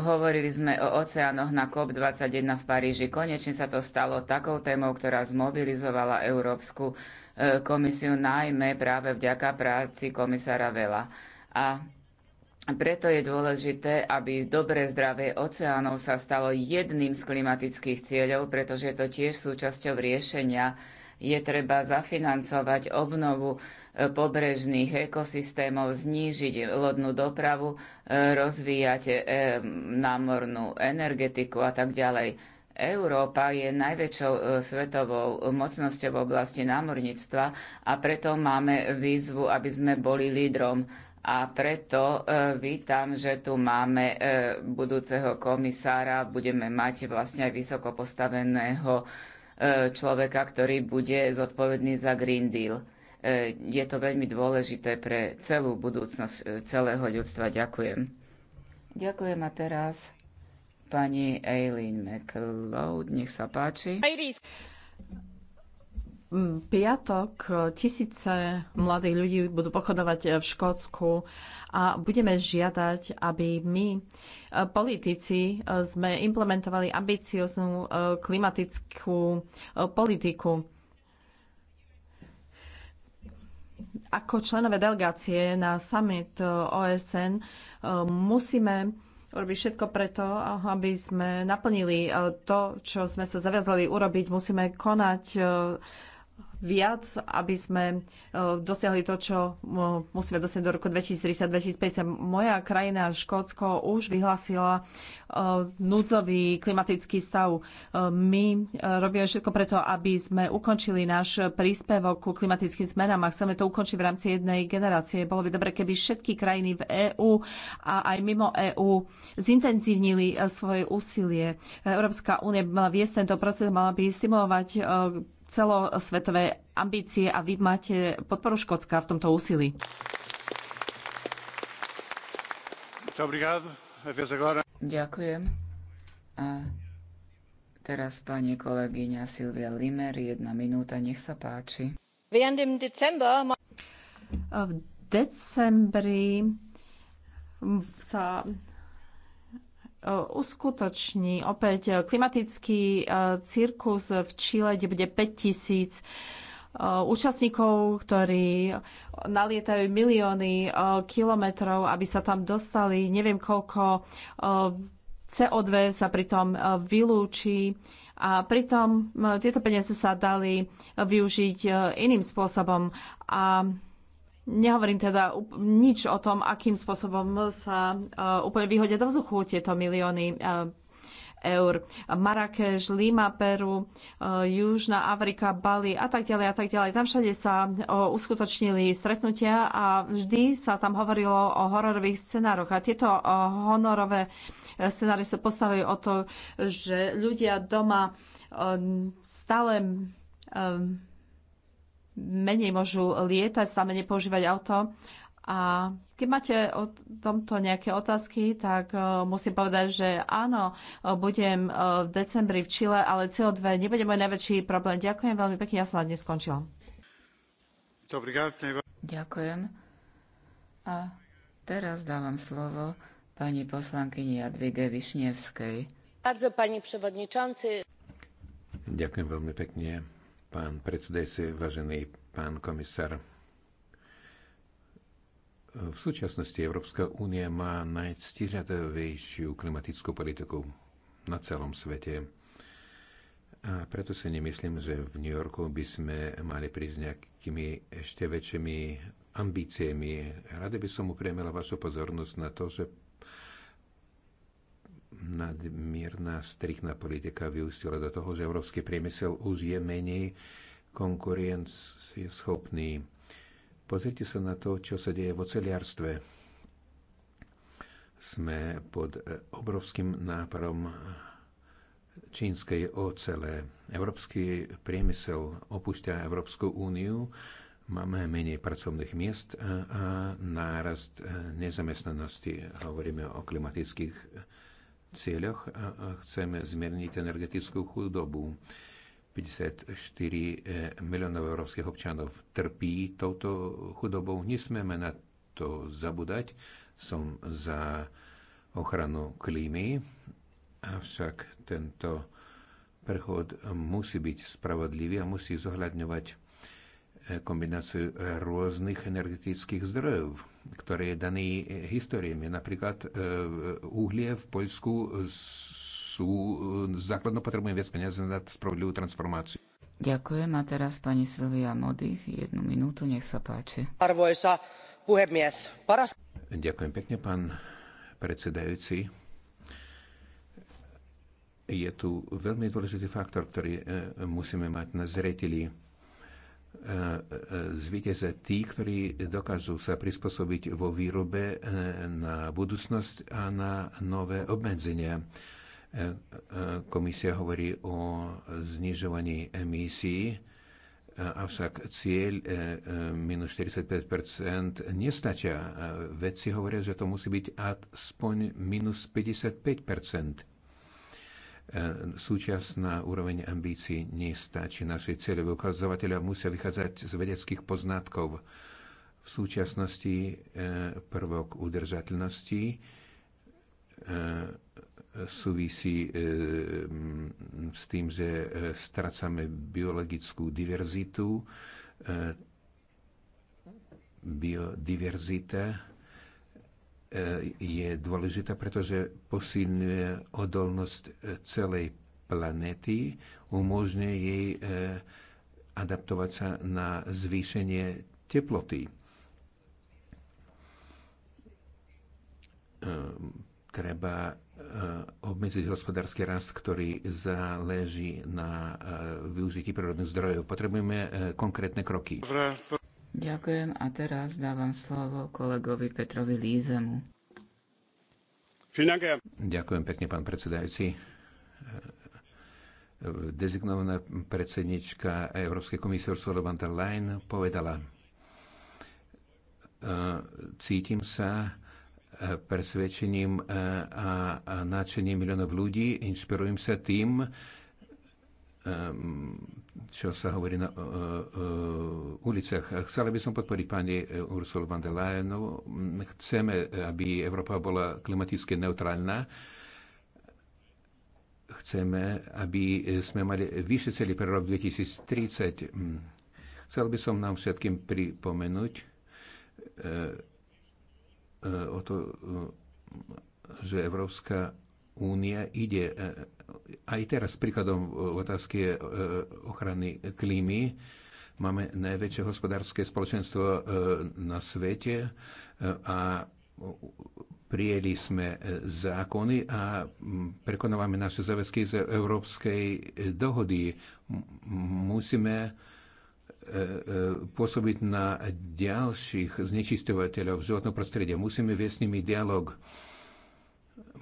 hovorili sme o oceánoch na COP21 v Paríži. Konečne sa to stalo takou témou, ktorá zmobilizovala Európsku e, komisiu, najmä práve vďaka práci komisára Vela. A preto je dôležité, aby dobré zdravie oceánov sa stalo jedným z klimatických cieľov, pretože je to tiež súčasťou riešenia. Je treba zafinancovať obnovu e, pobrežných ekosystémov, znížiť lodnú dopravu, e, rozvíjať e, námornú energetiku a tak ďalej. Európa je najväčšou svetovou mocnosťou v oblasti námorníctva a preto máme výzvu, aby sme boli lídrom a preto e, vítam, že tu máme e, budúceho komisára, budeme mať vlastne aj vysoko postaveného e, človeka, ktorý bude zodpovedný za Green Deal. Je to veľmi dôležité pre celú budúcnosť celého ľudstva. Ďakujem. Ďakujem a teraz pani Eileen McLeod, nech sa páči piatok eh, tisíce mladých ľudí budú pochodovať eh, v Škótsku a budeme žiadať, aby my, eh, politici, sme implementovali ambicioznú klimatickú politiku. Ako členové delegácie na summit OSN musíme urobiť všetko preto, aby sme naplnili to, čo sme sa zaviazali urobiť. Musíme konať viac, aby sme e, dosiahli to, čo e, musíme dosiahnuť do roku 2030-2050. Moja krajina, Škótsko, už vyhlásila e, núdzový klimatický stav. My robíme všetko preto, aby sme ukončili náš príspevok ku klimatickým zmenám a chceme to ukončiť v rámci jednej generácie. Bolo by dobre, keby všetky krajiny v EÚ a aj mimo EÚ zintenzívnili svoje úsilie. Európska únia by mala viesť tento proces, mala by stimulovať celosvetové ambície a vy máte podporu Škótska v tomto úsilí. Ďakujem. A teraz pani kolegyňa Silvia Limer, jedna minúta, nech sa páči. V decembri sa uskutoční opäť klimatický e, cirkus v Čile, kde bude 5000 e, účastníkov, ktorí nalietajú milióny e, kilometrov, aby sa tam dostali. Neviem, koľko CO2 sa pritom vylúči a pritom tieto peniaze sa dali využiť iným spôsobom. A Nehovorím teda nič o tom, akým spôsobom sa eh, úplne vyhodia do vzduchu tieto milióny eh, eur. Marrakeš, Lima, Peru, eh, Južná Afrika, Bali a tak ďalej a tak ďalej. Tam všade sa uskutočnili stretnutia a vždy sa tam hovorilo o hororových scenároch. A tieto honorové scenáre sa postavili o to, že ľudia doma stále menej môžu lietať, stále menej používať auto. A keď máte o tomto nejaké otázky, tak uh, musím povedať, že áno, e, budem uh, v decembri v Čile, ale CO2 nebude môj najväčší problém. Ďakujem veľmi pekne, ja som na dnes skončila. Ďakujem. A teraz dávam slovo pani poslankyni Jadvige Višnievskej. Bardzo, pani przewodniczący. Ďakujem veľmi pekne pán predsedajúci, vážený pán komisár. V súčasnosti Európska únia má najctižadovejšiu klimatickú politiku na celom svete. A preto si nemyslím, že v New Yorku by sme mali prísť nejakými ešte väčšími ambíciami. Rade by som upriemila vašu pozornosť na to, že nadmierna strichná politika vyústila do toho, že európsky priemysel už je menej konkurencieschopný. Pozrite sa na to, čo sa deje v oceliarstve. Sme pod e, obrovským náparom čínskej ocele. Európsky priemysel opúšťa Európsku úniu, máme menej pracovných miest a, a nárast e, nezamestnanosti. Hovoríme o klimatických cieľoch chceme zmierniť energetickú chudobu. 54 eh, miliónov európskych občanov trpí touto chudobou. Nesmieme na to zabúdať. Som za ochranu klímy, avšak tento prechod musí byť spravodlivý a musí zohľadňovať eh, kombináciu rôznych energetických zdrojov ktorý je daný históriami. Napríklad e, uhlie v Poľsku sú, e, základno potrebujem viac peniazy na spravodlivú transformáciu. Ďakujem a teraz pani Silvia Modých, jednu minútu, nech sa páči. Arvoisa puhemies, paras... Ďakujem pekne, pán predsedajúci. Je tu veľmi dôležitý faktor, ktorý e, musíme mať na zreteli E, e, zvýťazia tí, ktorí dokážu sa prispôsobiť vo výrobe na budúcnosť a na nové obmedzenia. E, Komisia hovorí o znižovaní emisí, avšak cieľ minus 45 nestačia. Vedci hovoria, že to musí byť aspoň minus 55 E, súčasná úroveň ambícií nestačí. Naši cieľové ukazovateľe musia vychádzať z vedeckých poznatkov. V súčasnosti e, prvok udržateľnosti e, súvisí s tým, že strácame biologickú diverzitu, biodiverzita E, je dôležitá, pretože posilňuje odolnosť e, celej planéty, umožňuje jej e, adaptovať sa na zvýšenie teploty. Treba obmedziť hospodársky rast, ktorý záleží na využití prírodných zdrojov. Potrebujeme konkrétne kroky. Ďakujem a teraz dávam slovo kolegovi Petrovi Lízemu. Ďakujem pekne, pán predsedajúci. Dezignovaná predsednička Európskej komisie Ursula von der Leyen povedala, e, cítim sa e, presvedčením e, a náčením miliónov ľudí, inšpirujem sa tým, Ehm, čo sa hovorí na uh, e, uh, e, e, uliciach. Chcela by som podporiť pani Ursula von der Leyen. No, chceme, aby Európa bola klimaticky neutrálna. Chceme, aby sme mali vyššie cely pre rok 2030. Chcel by som nám všetkým pripomenúť uh, uh, o to, uh, že Európska únia ide uh, aj teraz príkladom v e, otázke e, ochrany klímy. Máme najväčšie hospodárske spoločenstvo e, na svete a prijeli sme zákony a prekonávame naše záväzky z Európskej dohody. Musíme pôsobiť na ďalších znečistovateľov životného prostredia. Musíme viesť s nimi dialog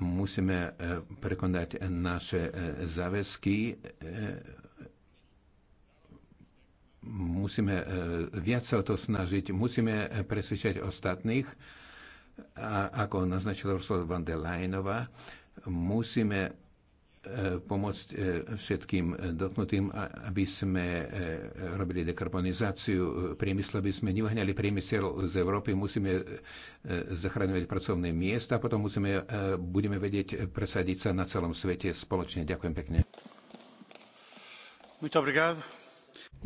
Musíme e, prekonať naše e, záväzky, e, musíme viac sa o to snažiť, musíme presvedčať ostatných, a ako naznačila Ursula von der Leyenová, musíme E, pomôcť e, všetkým dotknutým, aby sme e, robili dekarbonizáciu priemyslu, aby sme nevyhnali priemysel z Európy. Musíme zachraňovať pracovné miesta a potom musíme, budeme vedieť presadiť sa na celom svete spoločne. Ďakujem pekne.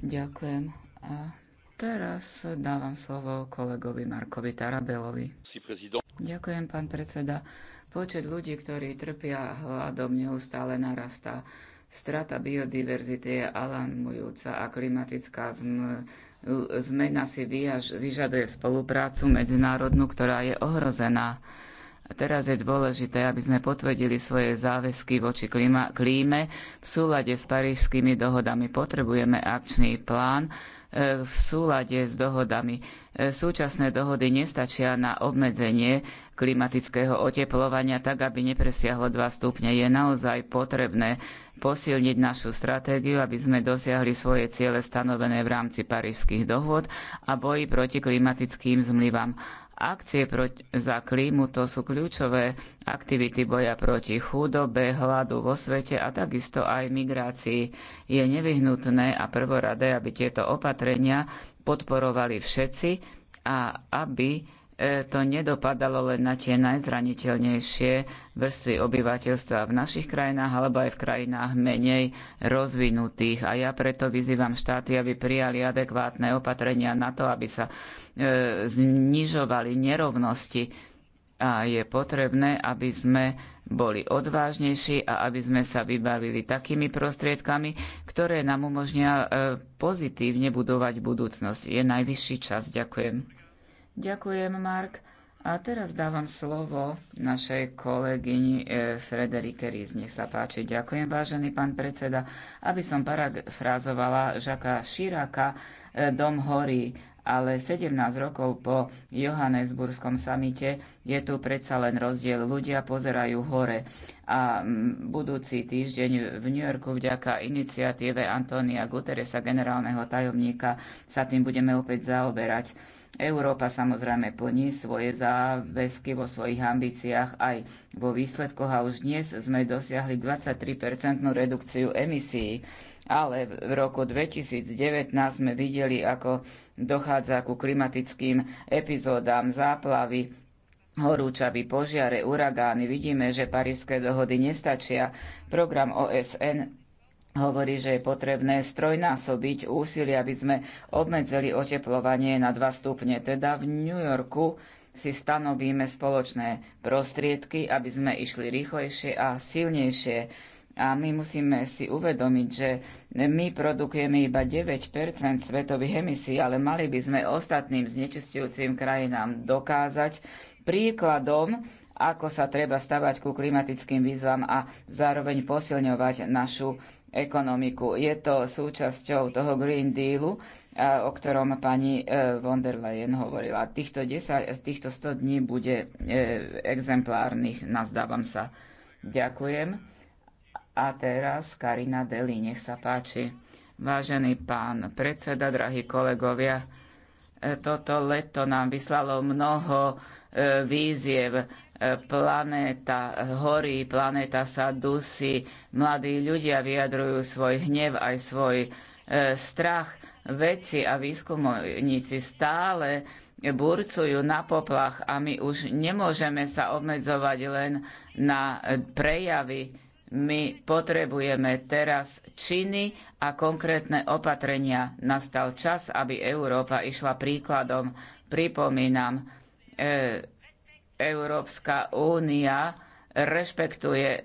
Ďakujem. A teraz dávam slovo kolegovi Markovi Tarabelovi. Ďakujem, pán predseda. Počet ľudí, ktorí trpia hladom, neustále narastá. Strata biodiverzity je alarmujúca a klimatická zmena si vyžaduje spoluprácu medzinárodnú, ktorá je ohrozená. Teraz je dôležité, aby sme potvrdili svoje záväzky voči klíma, klíme. V súlade s parížskými dohodami potrebujeme akčný plán, E, v súlade s dohodami. E, súčasné dohody nestačia na obmedzenie klimatického oteplovania tak, aby nepresiahlo 2 stupne. Je naozaj potrebné posilniť našu stratégiu, aby sme dosiahli svoje ciele stanovené v rámci parížských dohôd a boji proti klimatickým zmlivám. Akcie proti, za klímu to sú kľúčové aktivity boja proti chudobe, hladu vo svete a takisto aj migrácii. Je nevyhnutné a prvoradé, aby tieto opatrenia podporovali všetci a aby E, to nedopadalo len na tie najzraniteľnejšie vrstvy obyvateľstva v našich krajinách alebo aj v krajinách menej rozvinutých. A ja preto vyzývam štáty, aby prijali adekvátne opatrenia na to, aby sa e, znižovali nerovnosti a je potrebné, aby sme boli odvážnejší a aby sme sa vybavili takými prostriedkami, ktoré nám umožnia e, pozitívne budovať budúcnosť. Je najvyšší čas. Ďakujem. Ďakujem, Mark. A teraz dávam slovo našej kolegyni e, Frederike Ries. Nech sa páči. Ďakujem, vážený pán predseda. Aby som parafrázovala Žaka Širaka, e, dom horí, ale 17 rokov po Johannesburskom samite je tu predsa len rozdiel. Ľudia pozerajú hore a budúci týždeň v New Yorku vďaka iniciatíve Antónia Guteresa, generálneho tajomníka, sa tým budeme opäť zaoberať Európa samozrejme plní svoje záväzky vo svojich ambíciách aj vo výsledkoch a už dnes sme dosiahli 23-percentnú redukciu emisí. Ale v roku 2019 sme videli, ako dochádza ku klimatickým epizódám záplavy, horúčavy, požiare, uragány. Vidíme, že parížské dohody nestačia. Program OSN hovorí, že je potrebné strojnásobiť úsilie, aby sme obmedzili oteplovanie na 2 stupne. Teda v New Yorku si stanovíme spoločné prostriedky, aby sme išli rýchlejšie a silnejšie. A my musíme si uvedomiť, že my produkujeme iba 9 svetových emisí, ale mali by sme ostatným znečistujúcim krajinám dokázať príkladom, ako sa treba stavať ku klimatickým výzvam a zároveň posilňovať našu ekonomiku. Je to súčasťou toho Green Dealu, o ktorom pani e, von der Leyen hovorila. Týchto, 10, týchto 100 dní bude e, exemplárnych, nazdávam sa. Ďakujem. A teraz Karina Deli, nech sa páči. Vážený pán predseda, drahí kolegovia, e, toto leto nám vyslalo mnoho víziev planéta horí, planéta sa dusí, mladí ľudia vyjadrujú svoj hnev aj svoj e, strach. Vedci a výskumníci stále burcujú na poplach a my už nemôžeme sa obmedzovať len na prejavy. My potrebujeme teraz činy a konkrétne opatrenia. Nastal čas, aby Európa išla príkladom. Pripomínam, e Európska únia rešpektuje e,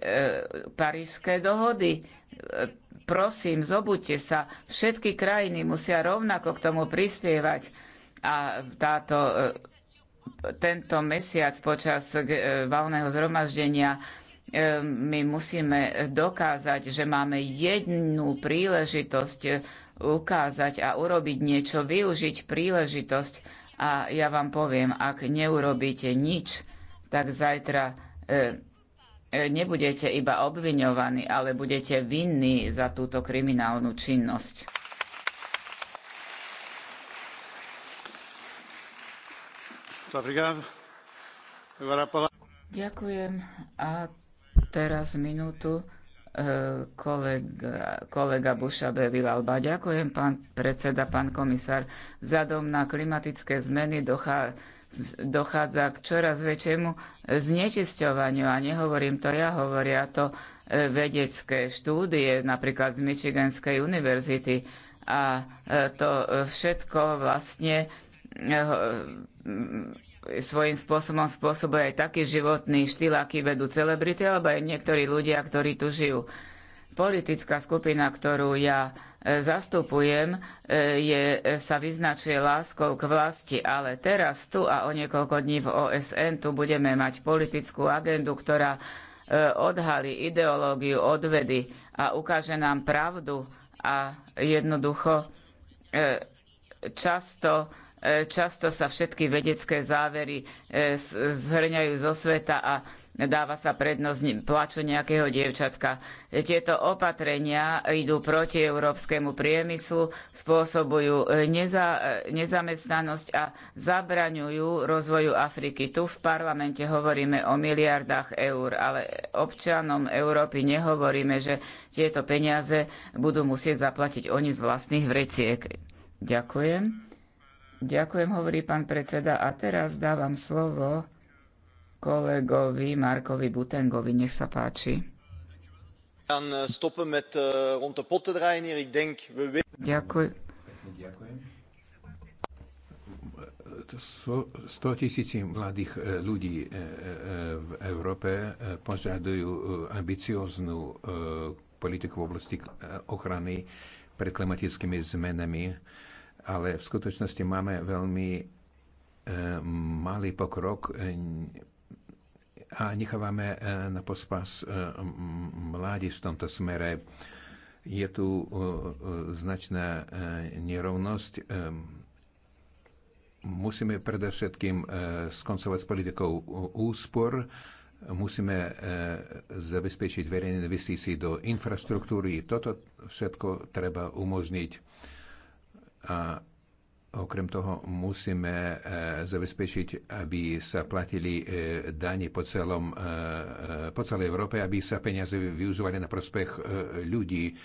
parížské dohody. E, prosím, zobuďte sa. Všetky krajiny musia rovnako k tomu prispievať. A táto, e, tento mesiac počas valného zhromaždenia my musíme dokázať, že máme jednu príležitosť ukázať a urobiť niečo, využiť príležitosť a ja vám poviem, ak neurobíte nič, tak zajtra e, e, nebudete iba obviňovaní, ale budete vinní za túto kriminálnu činnosť. Ďakujem. A teraz minútu kolega, kolega Buša Vilalba. Ďakujem, pán predseda, pán komisár. Vzhľadom na klimatické zmeny dochá, dochádza k čoraz väčšiemu znečisťovaniu. A nehovorím to ja, hovoria to e, vedecké štúdie, napríklad z Michiganskej univerzity. A e, to e, všetko vlastne svojím spôsobom spôsobuje aj taký životný štýl, aký vedú celebrity, alebo aj niektorí ľudia, ktorí tu žijú. Politická skupina, ktorú ja e, zastupujem, e, je, e, sa vyznačuje láskou k vlasti, ale teraz tu a o niekoľko dní v OSN tu budeme mať politickú agendu, ktorá odhalí ideológiu odvedy a ukáže nám pravdu a jednoducho často E, často sa všetky vedecké závery e, zhrňajú zo sveta a dáva sa prednosť plaču nejakého dievčatka. E, tieto opatrenia idú proti európskemu priemyslu, spôsobujú neza, nezamestnanosť a zabraňujú rozvoju Afriky. Tu v parlamente hovoríme o miliardách eur, ale občanom Európy nehovoríme, že tieto peniaze budú musieť zaplatiť oni z vlastných vreciek. Ďakujem. Ďakujem, hovorí pán predseda. A teraz dávam slovo kolegovi Markovi Butengovi. Nech sa páči. Eh, eh, Ďakujem. Eh, sto tisíci mladých ľudí v Európe požadujú ambicióznu politiku v oblasti ochrany pred klimatickými zmenami ale v skutočnosti máme veľmi e, malý pokrok e, a nechávame e, na pospas mládi v tomto smere. Je tu značná nerovnosť. Musíme predovšetkým skoncovať s politikou úspor, musíme zabezpečiť verejné investície do infraštruktúry. Toto všetko treba umožniť a okrem toho musíme e, zabezpečiť, aby sa platili e, dani po, celom, e, po celej Európe, aby sa peniaze využívali na prospech ľudí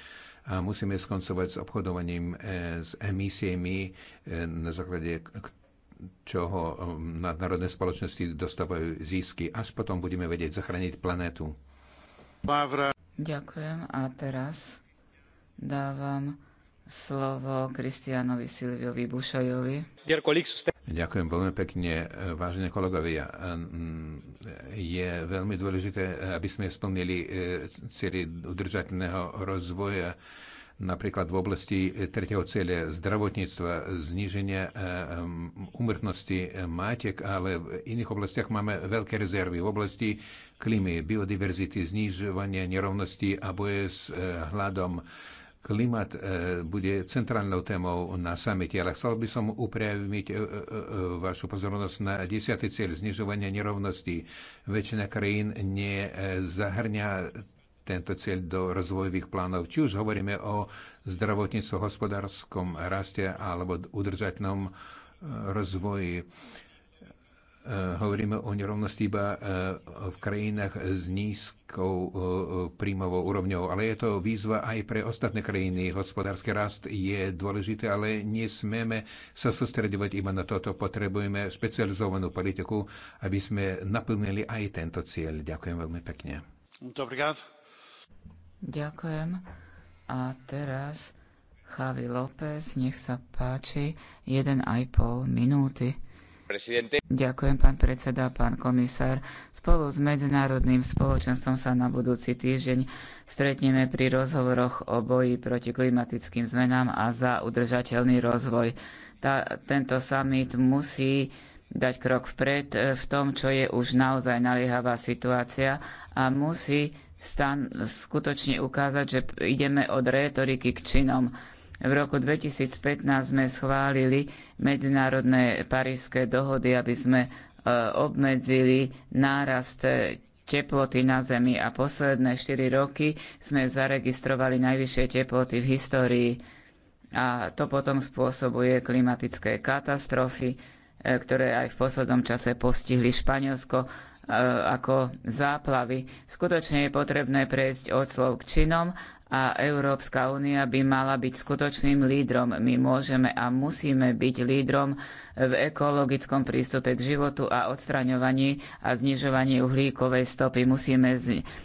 a musíme skoncovať s obchodovaním s emisiemi, na základe čoho nadnárodné spoločnosti dostávajú zisky. Až potom budeme vedieť zachrániť planetu. Ďakujem a teraz dávam slovo Kristianovi Silviovi Bušojovi. Ďakujem veľmi pekne, vážení kolegovia. Je veľmi dôležité, aby sme splnili e, cieľy udržateľného rozvoja napríklad v oblasti tretieho cieľa zdravotníctva, zníženia e, umrtnosti e, matek, ale v iných oblastiach máme veľké rezervy v oblasti klímy, biodiverzity, znižovania nerovnosti a boje s hľadom Klimat e, bude centrálnou témou na samite, ale chcel by som upriamiť e, e, vašu pozornosť na desiatý cieľ znižovania nerovností. Väčšina krajín nezahrňa tento cieľ do rozvojových plánov. Či už hovoríme o zdravotníctvo, hospodárskom raste alebo udržateľnom rozvoji. E, hovoríme o nerovnosti iba e, v krajinách s nízkou e, príjmovou úrovňou, ale je to výzva aj pre ostatné krajiny. Hospodársky rast je dôležitý, ale nesmieme sa sústredovať iba na toto. Potrebujeme špecializovanú politiku, aby sme naplnili aj tento cieľ. Ďakujem veľmi pekne. Ďakujem. A teraz Chavi López, nech sa páči, jeden aj pol minúty. Ďakujem, pán predseda, pán komisár. Spolu s medzinárodným spoločenstvom sa na budúci týždeň stretneme pri rozhovoroch o boji proti klimatickým zmenám a za udržateľný rozvoj. Tá, tento summit musí dať krok vpred v tom, čo je už naozaj naliehavá situácia a musí stan- skutočne ukázať, že ideme od rétoriky k činom v roku 2015 sme schválili medzinárodné parížské dohody, aby sme e, obmedzili nárast e, teploty na Zemi a posledné 4 roky sme zaregistrovali najvyššie teploty v histórii a to potom spôsobuje klimatické katastrofy, e, ktoré aj v poslednom čase postihli Španielsko ako záplavy. Skutočne je potrebné prejsť od slov k činom a Európska únia by mala byť skutočným lídrom. My môžeme a musíme byť lídrom v ekologickom prístupe k životu a odstraňovaní a znižovaní uhlíkovej stopy. Musíme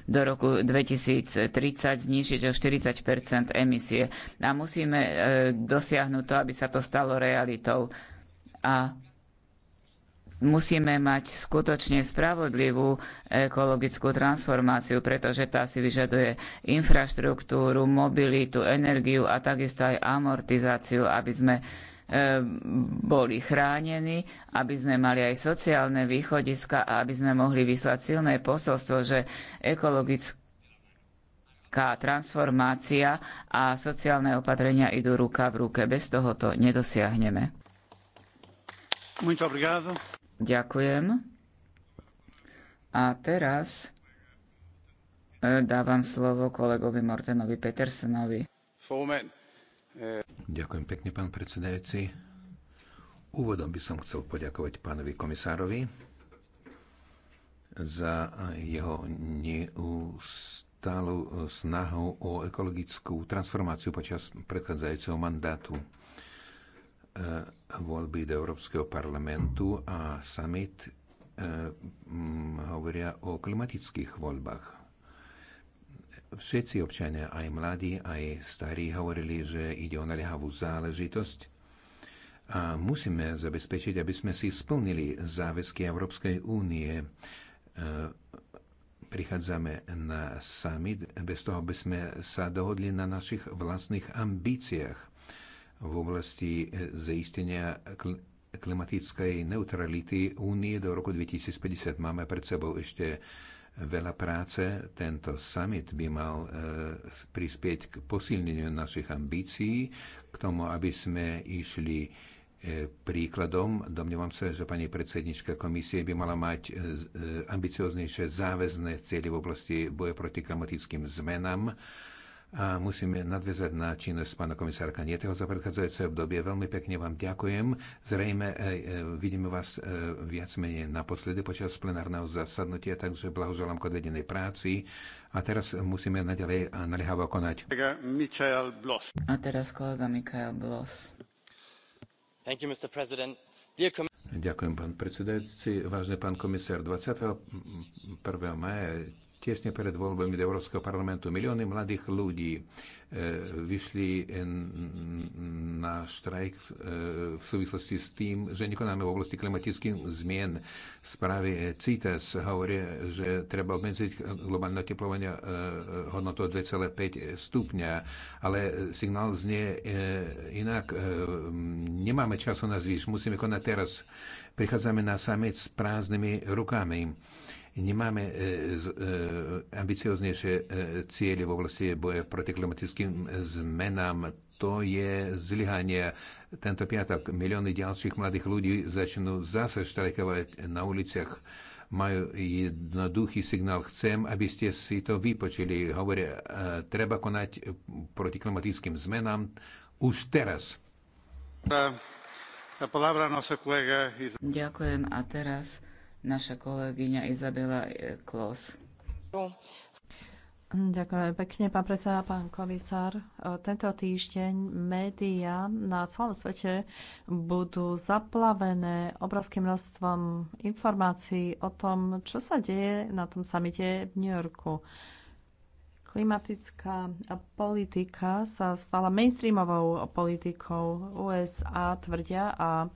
do roku 2030 znižiť o 40 emisie a musíme e, dosiahnuť to, aby sa to stalo realitou. A musíme mať skutočne spravodlivú ekologickú transformáciu, pretože tá si vyžaduje infraštruktúru, mobilitu, energiu a takisto aj amortizáciu, aby sme e, boli chránení, aby sme mali aj sociálne východiska a aby sme mohli vyslať silné posolstvo, že ekologická transformácia a sociálne opatrenia idú ruka v ruke. Bez toho to nedosiahneme. Ďakujem. A teraz e, dávam slovo kolegovi Mortenovi Petersonovi. Ďakujem pekne, pán predsedajúci. Úvodom by som chcel poďakovať pánovi komisárovi za jeho neustálu snahu o ekologickú transformáciu počas predchádzajúceho mandátu. Eh, voľby do Európskeho parlamentu a summit eh, hovoria o klimatických voľbách. Všetci občania, aj mladí, aj starí, hovorili, že ide o naliehavú záležitosť a musíme zabezpečiť, aby sme si splnili záväzky Európskej únie. Eh, prichádzame na summit bez toho, aby sme sa dohodli na našich vlastných ambíciách v oblasti e, zaistenia klimatickej neutrality únie do roku 2050. Máme pred sebou ešte veľa práce. Tento summit by mal e, prispieť k posilneniu našich ambícií, k tomu, aby sme išli e, príkladom. Domnievam sa, že pani predsednička komisie by mala mať ambicioznejšie záväzné cieľy v oblasti boja proti klimatickým zmenám a musíme nadviezať na činnosť pána komisárka Nieteho za predchádzajúce obdobie. Veľmi pekne vám ďakujem. Zrejme e, e, vidíme vás e, viac menej naposledy počas plenárneho zasadnutia, takže blahoželám k odvedenej práci. A teraz musíme naďalej naliehavo konať. A teraz kolega Mikael Blos. Thank you, Mr. President. Ďakujem, pán predsedajúci. Vážne pán komisár, 21. maja tesne pred voľbami do Európskeho parlamentu milióny mladých ľudí e, vyšli na štrajk e, v súvislosti s tým, že nekonáme v oblasti klimatických zmien. Správy CITES hovorí, že treba obmedziť globálne oteplovanie e, hodnotou 2,5 stupňa, ale signál znie inak. Nemáme času na zvýš, musíme konať teraz. Prichádzame na samec s prázdnymi rukami Nemáme e, e, ambicioznejšie e, cieľe v oblasti boja proti klimatickým zmenám. To je zlyhanie. Tento piatok milióny ďalších mladých ľudí začnú zase štrajkovať na uliciach. Majú jednoduchý signál. Chcem, aby ste si to vypočili. Hovoria, treba konať proti klimatickým zmenám už teraz. No Ďakujem a teraz naša kolegyňa Izabela eh, Klos. Ďakujem pekne, pán predseda, pán komisár. Eh, tento týždeň médiá na celom svete budú zaplavené obrovským množstvom informácií o tom, čo sa deje na tom samite v New Yorku. Klimatická politika sa stala mainstreamovou politikou. USA tvrdia a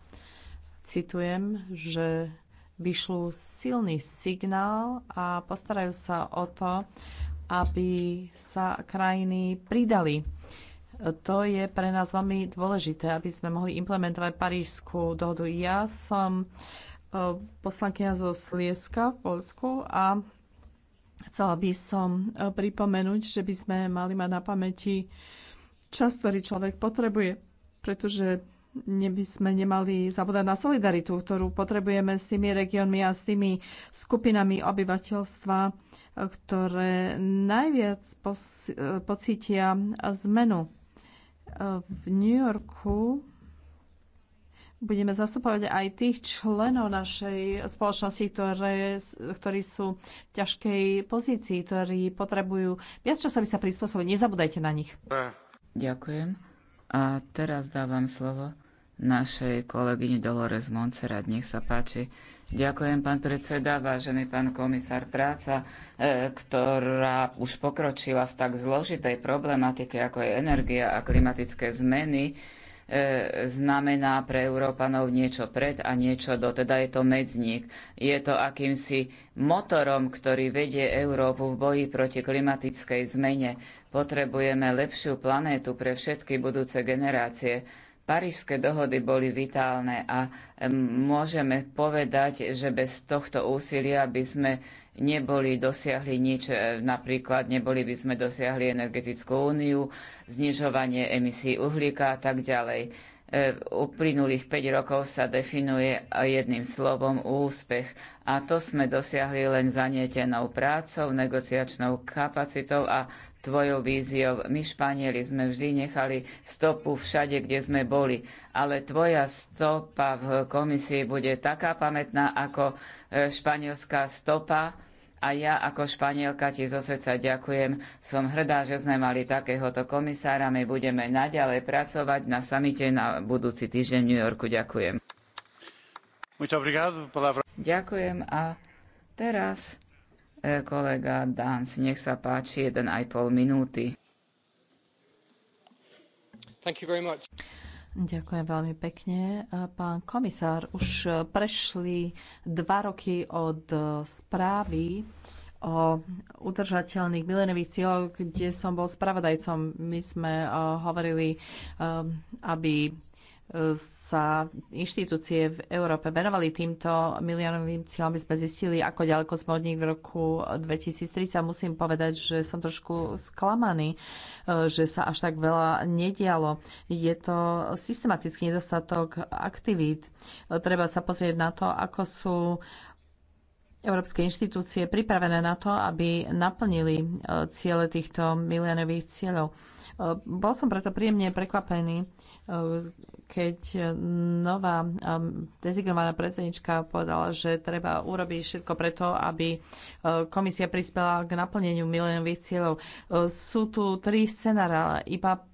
citujem, že vyšľú silný signál a postarajú sa o to, aby sa krajiny pridali. To je pre nás veľmi dôležité, aby sme mohli implementovať Parížskú dohodu. Ja som e, poslankyňa zo Slieska v Polsku a chcela by som e, pripomenúť, že by sme mali mať na pamäti čas, ktorý človek potrebuje, pretože neby sme nemali zabúdať na solidaritu, ktorú potrebujeme s tými regiónmi a s tými skupinami obyvateľstva, ktoré najviac pocítia zmenu. V New Yorku budeme zastupovať aj tých členov našej spoločnosti, ktoré, ktorí sú v ťažkej pozícii, ktorí potrebujú viac času, aby sa prispôsobili. Nezabúdajte na nich. Ďakujem. A teraz dávam slovo našej kolegyni Dolores Montserrat. Nech sa páči. Ďakujem, pán predseda, vážený pán komisár práca, e, ktorá už pokročila v tak zložitej problematike, ako je energia a klimatické zmeny, E, znamená pre Európanov niečo pred a niečo do, teda je to medzník. Je to akýmsi motorom, ktorý vedie Európu v boji proti klimatickej zmene. Potrebujeme lepšiu planétu pre všetky budúce generácie. Parížske dohody boli vitálne a môžeme povedať, že bez tohto úsilia by sme neboli dosiahli nič, e, napríklad neboli by sme dosiahli energetickú úniu, znižovanie emisí uhlíka a tak ďalej. E, uplynulých 5 rokov sa definuje jedným slovom úspech a to sme dosiahli len zanietenou prácou, negociačnou kapacitou a tvojou víziou. My Španieli sme vždy nechali stopu všade, kde sme boli, ale tvoja stopa v komisii bude taká pamätná ako e, španielská stopa a ja ako Španielka ti zo srdca ďakujem. Som hrdá, že sme mali takéhoto komisára. My budeme naďalej pracovať na samite na budúci týždeň v New Yorku. Ďakujem. Ďakujem a teraz e, kolega Dans, nech sa páči, 1,5 minúty. Thank you very much. Ďakujem veľmi pekne. Pán komisár, už prešli dva roky od správy o udržateľných milenových cieľoch, kde som bol spravodajcom. My sme hovorili, aby sa inštitúcie v Európe venovali týmto miliónovým cieľom, aby sme zistili, ako ďaleko sme od nich v roku 2030. Musím povedať, že som trošku sklamaný, e, že sa až tak veľa nedialo. Je to systematický nedostatok aktivít. E, treba sa pozrieť na to, ako sú európske inštitúcie pripravené na to, aby naplnili e, ciele týchto miliónových cieľov Ehm, bol som preto príjemne prekvapený, ehm, keď nová ehm, dezignovaná predsednička povedala, že treba urobiť všetko preto, aby komisia prispela k naplneniu milionových cieľov. Sú tu tri scenára, iba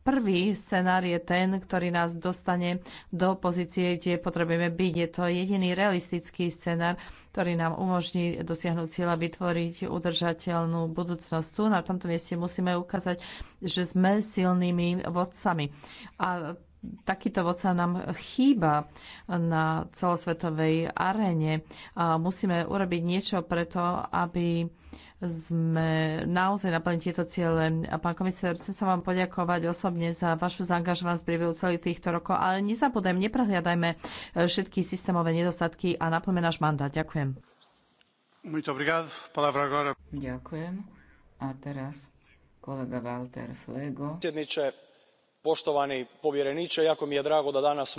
prvý scenár je ten, ktorý nás dostane do pozície, kde potrebujeme byť. Je to jediný realistický scenár, ktorý nám umožní dosiahnuť cieľa vytvoriť udržateľnú budúcnosť. Tu na tomto mieste musíme ukázať, že sme silnými vodcami. A takýto vodca nám chýba na celosvetovej aréne. A musíme urobiť niečo preto, aby sme naozaj naplnili tieto ciele. A pán komisár, chcem sa vám poďakovať osobne za vašu zaangažovanosť v priebehu celých týchto rokov, ale nezabudajme, neprehliadajme eh, všetky systémové nedostatky a naplňme náš mandát. Ďakujem. Ďakujem. A teraz kolega Walter Flego. Poštovani povjereniče, ako mi je drago da danas...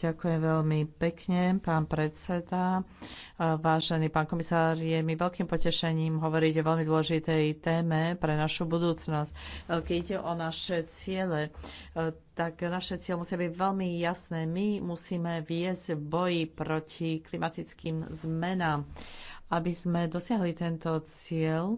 Ďakujem veľmi pekne, pán predseda. Vážený pán komisár, je mi veľkým potešením hovoriť o veľmi dôležitej téme pre našu budúcnosť. E, keď ide o naše ciele, e, tak naše cieľ musia byť veľmi jasné. My musíme viesť v boji proti klimatickým zmenám. Aby sme dosiahli tento cieľ,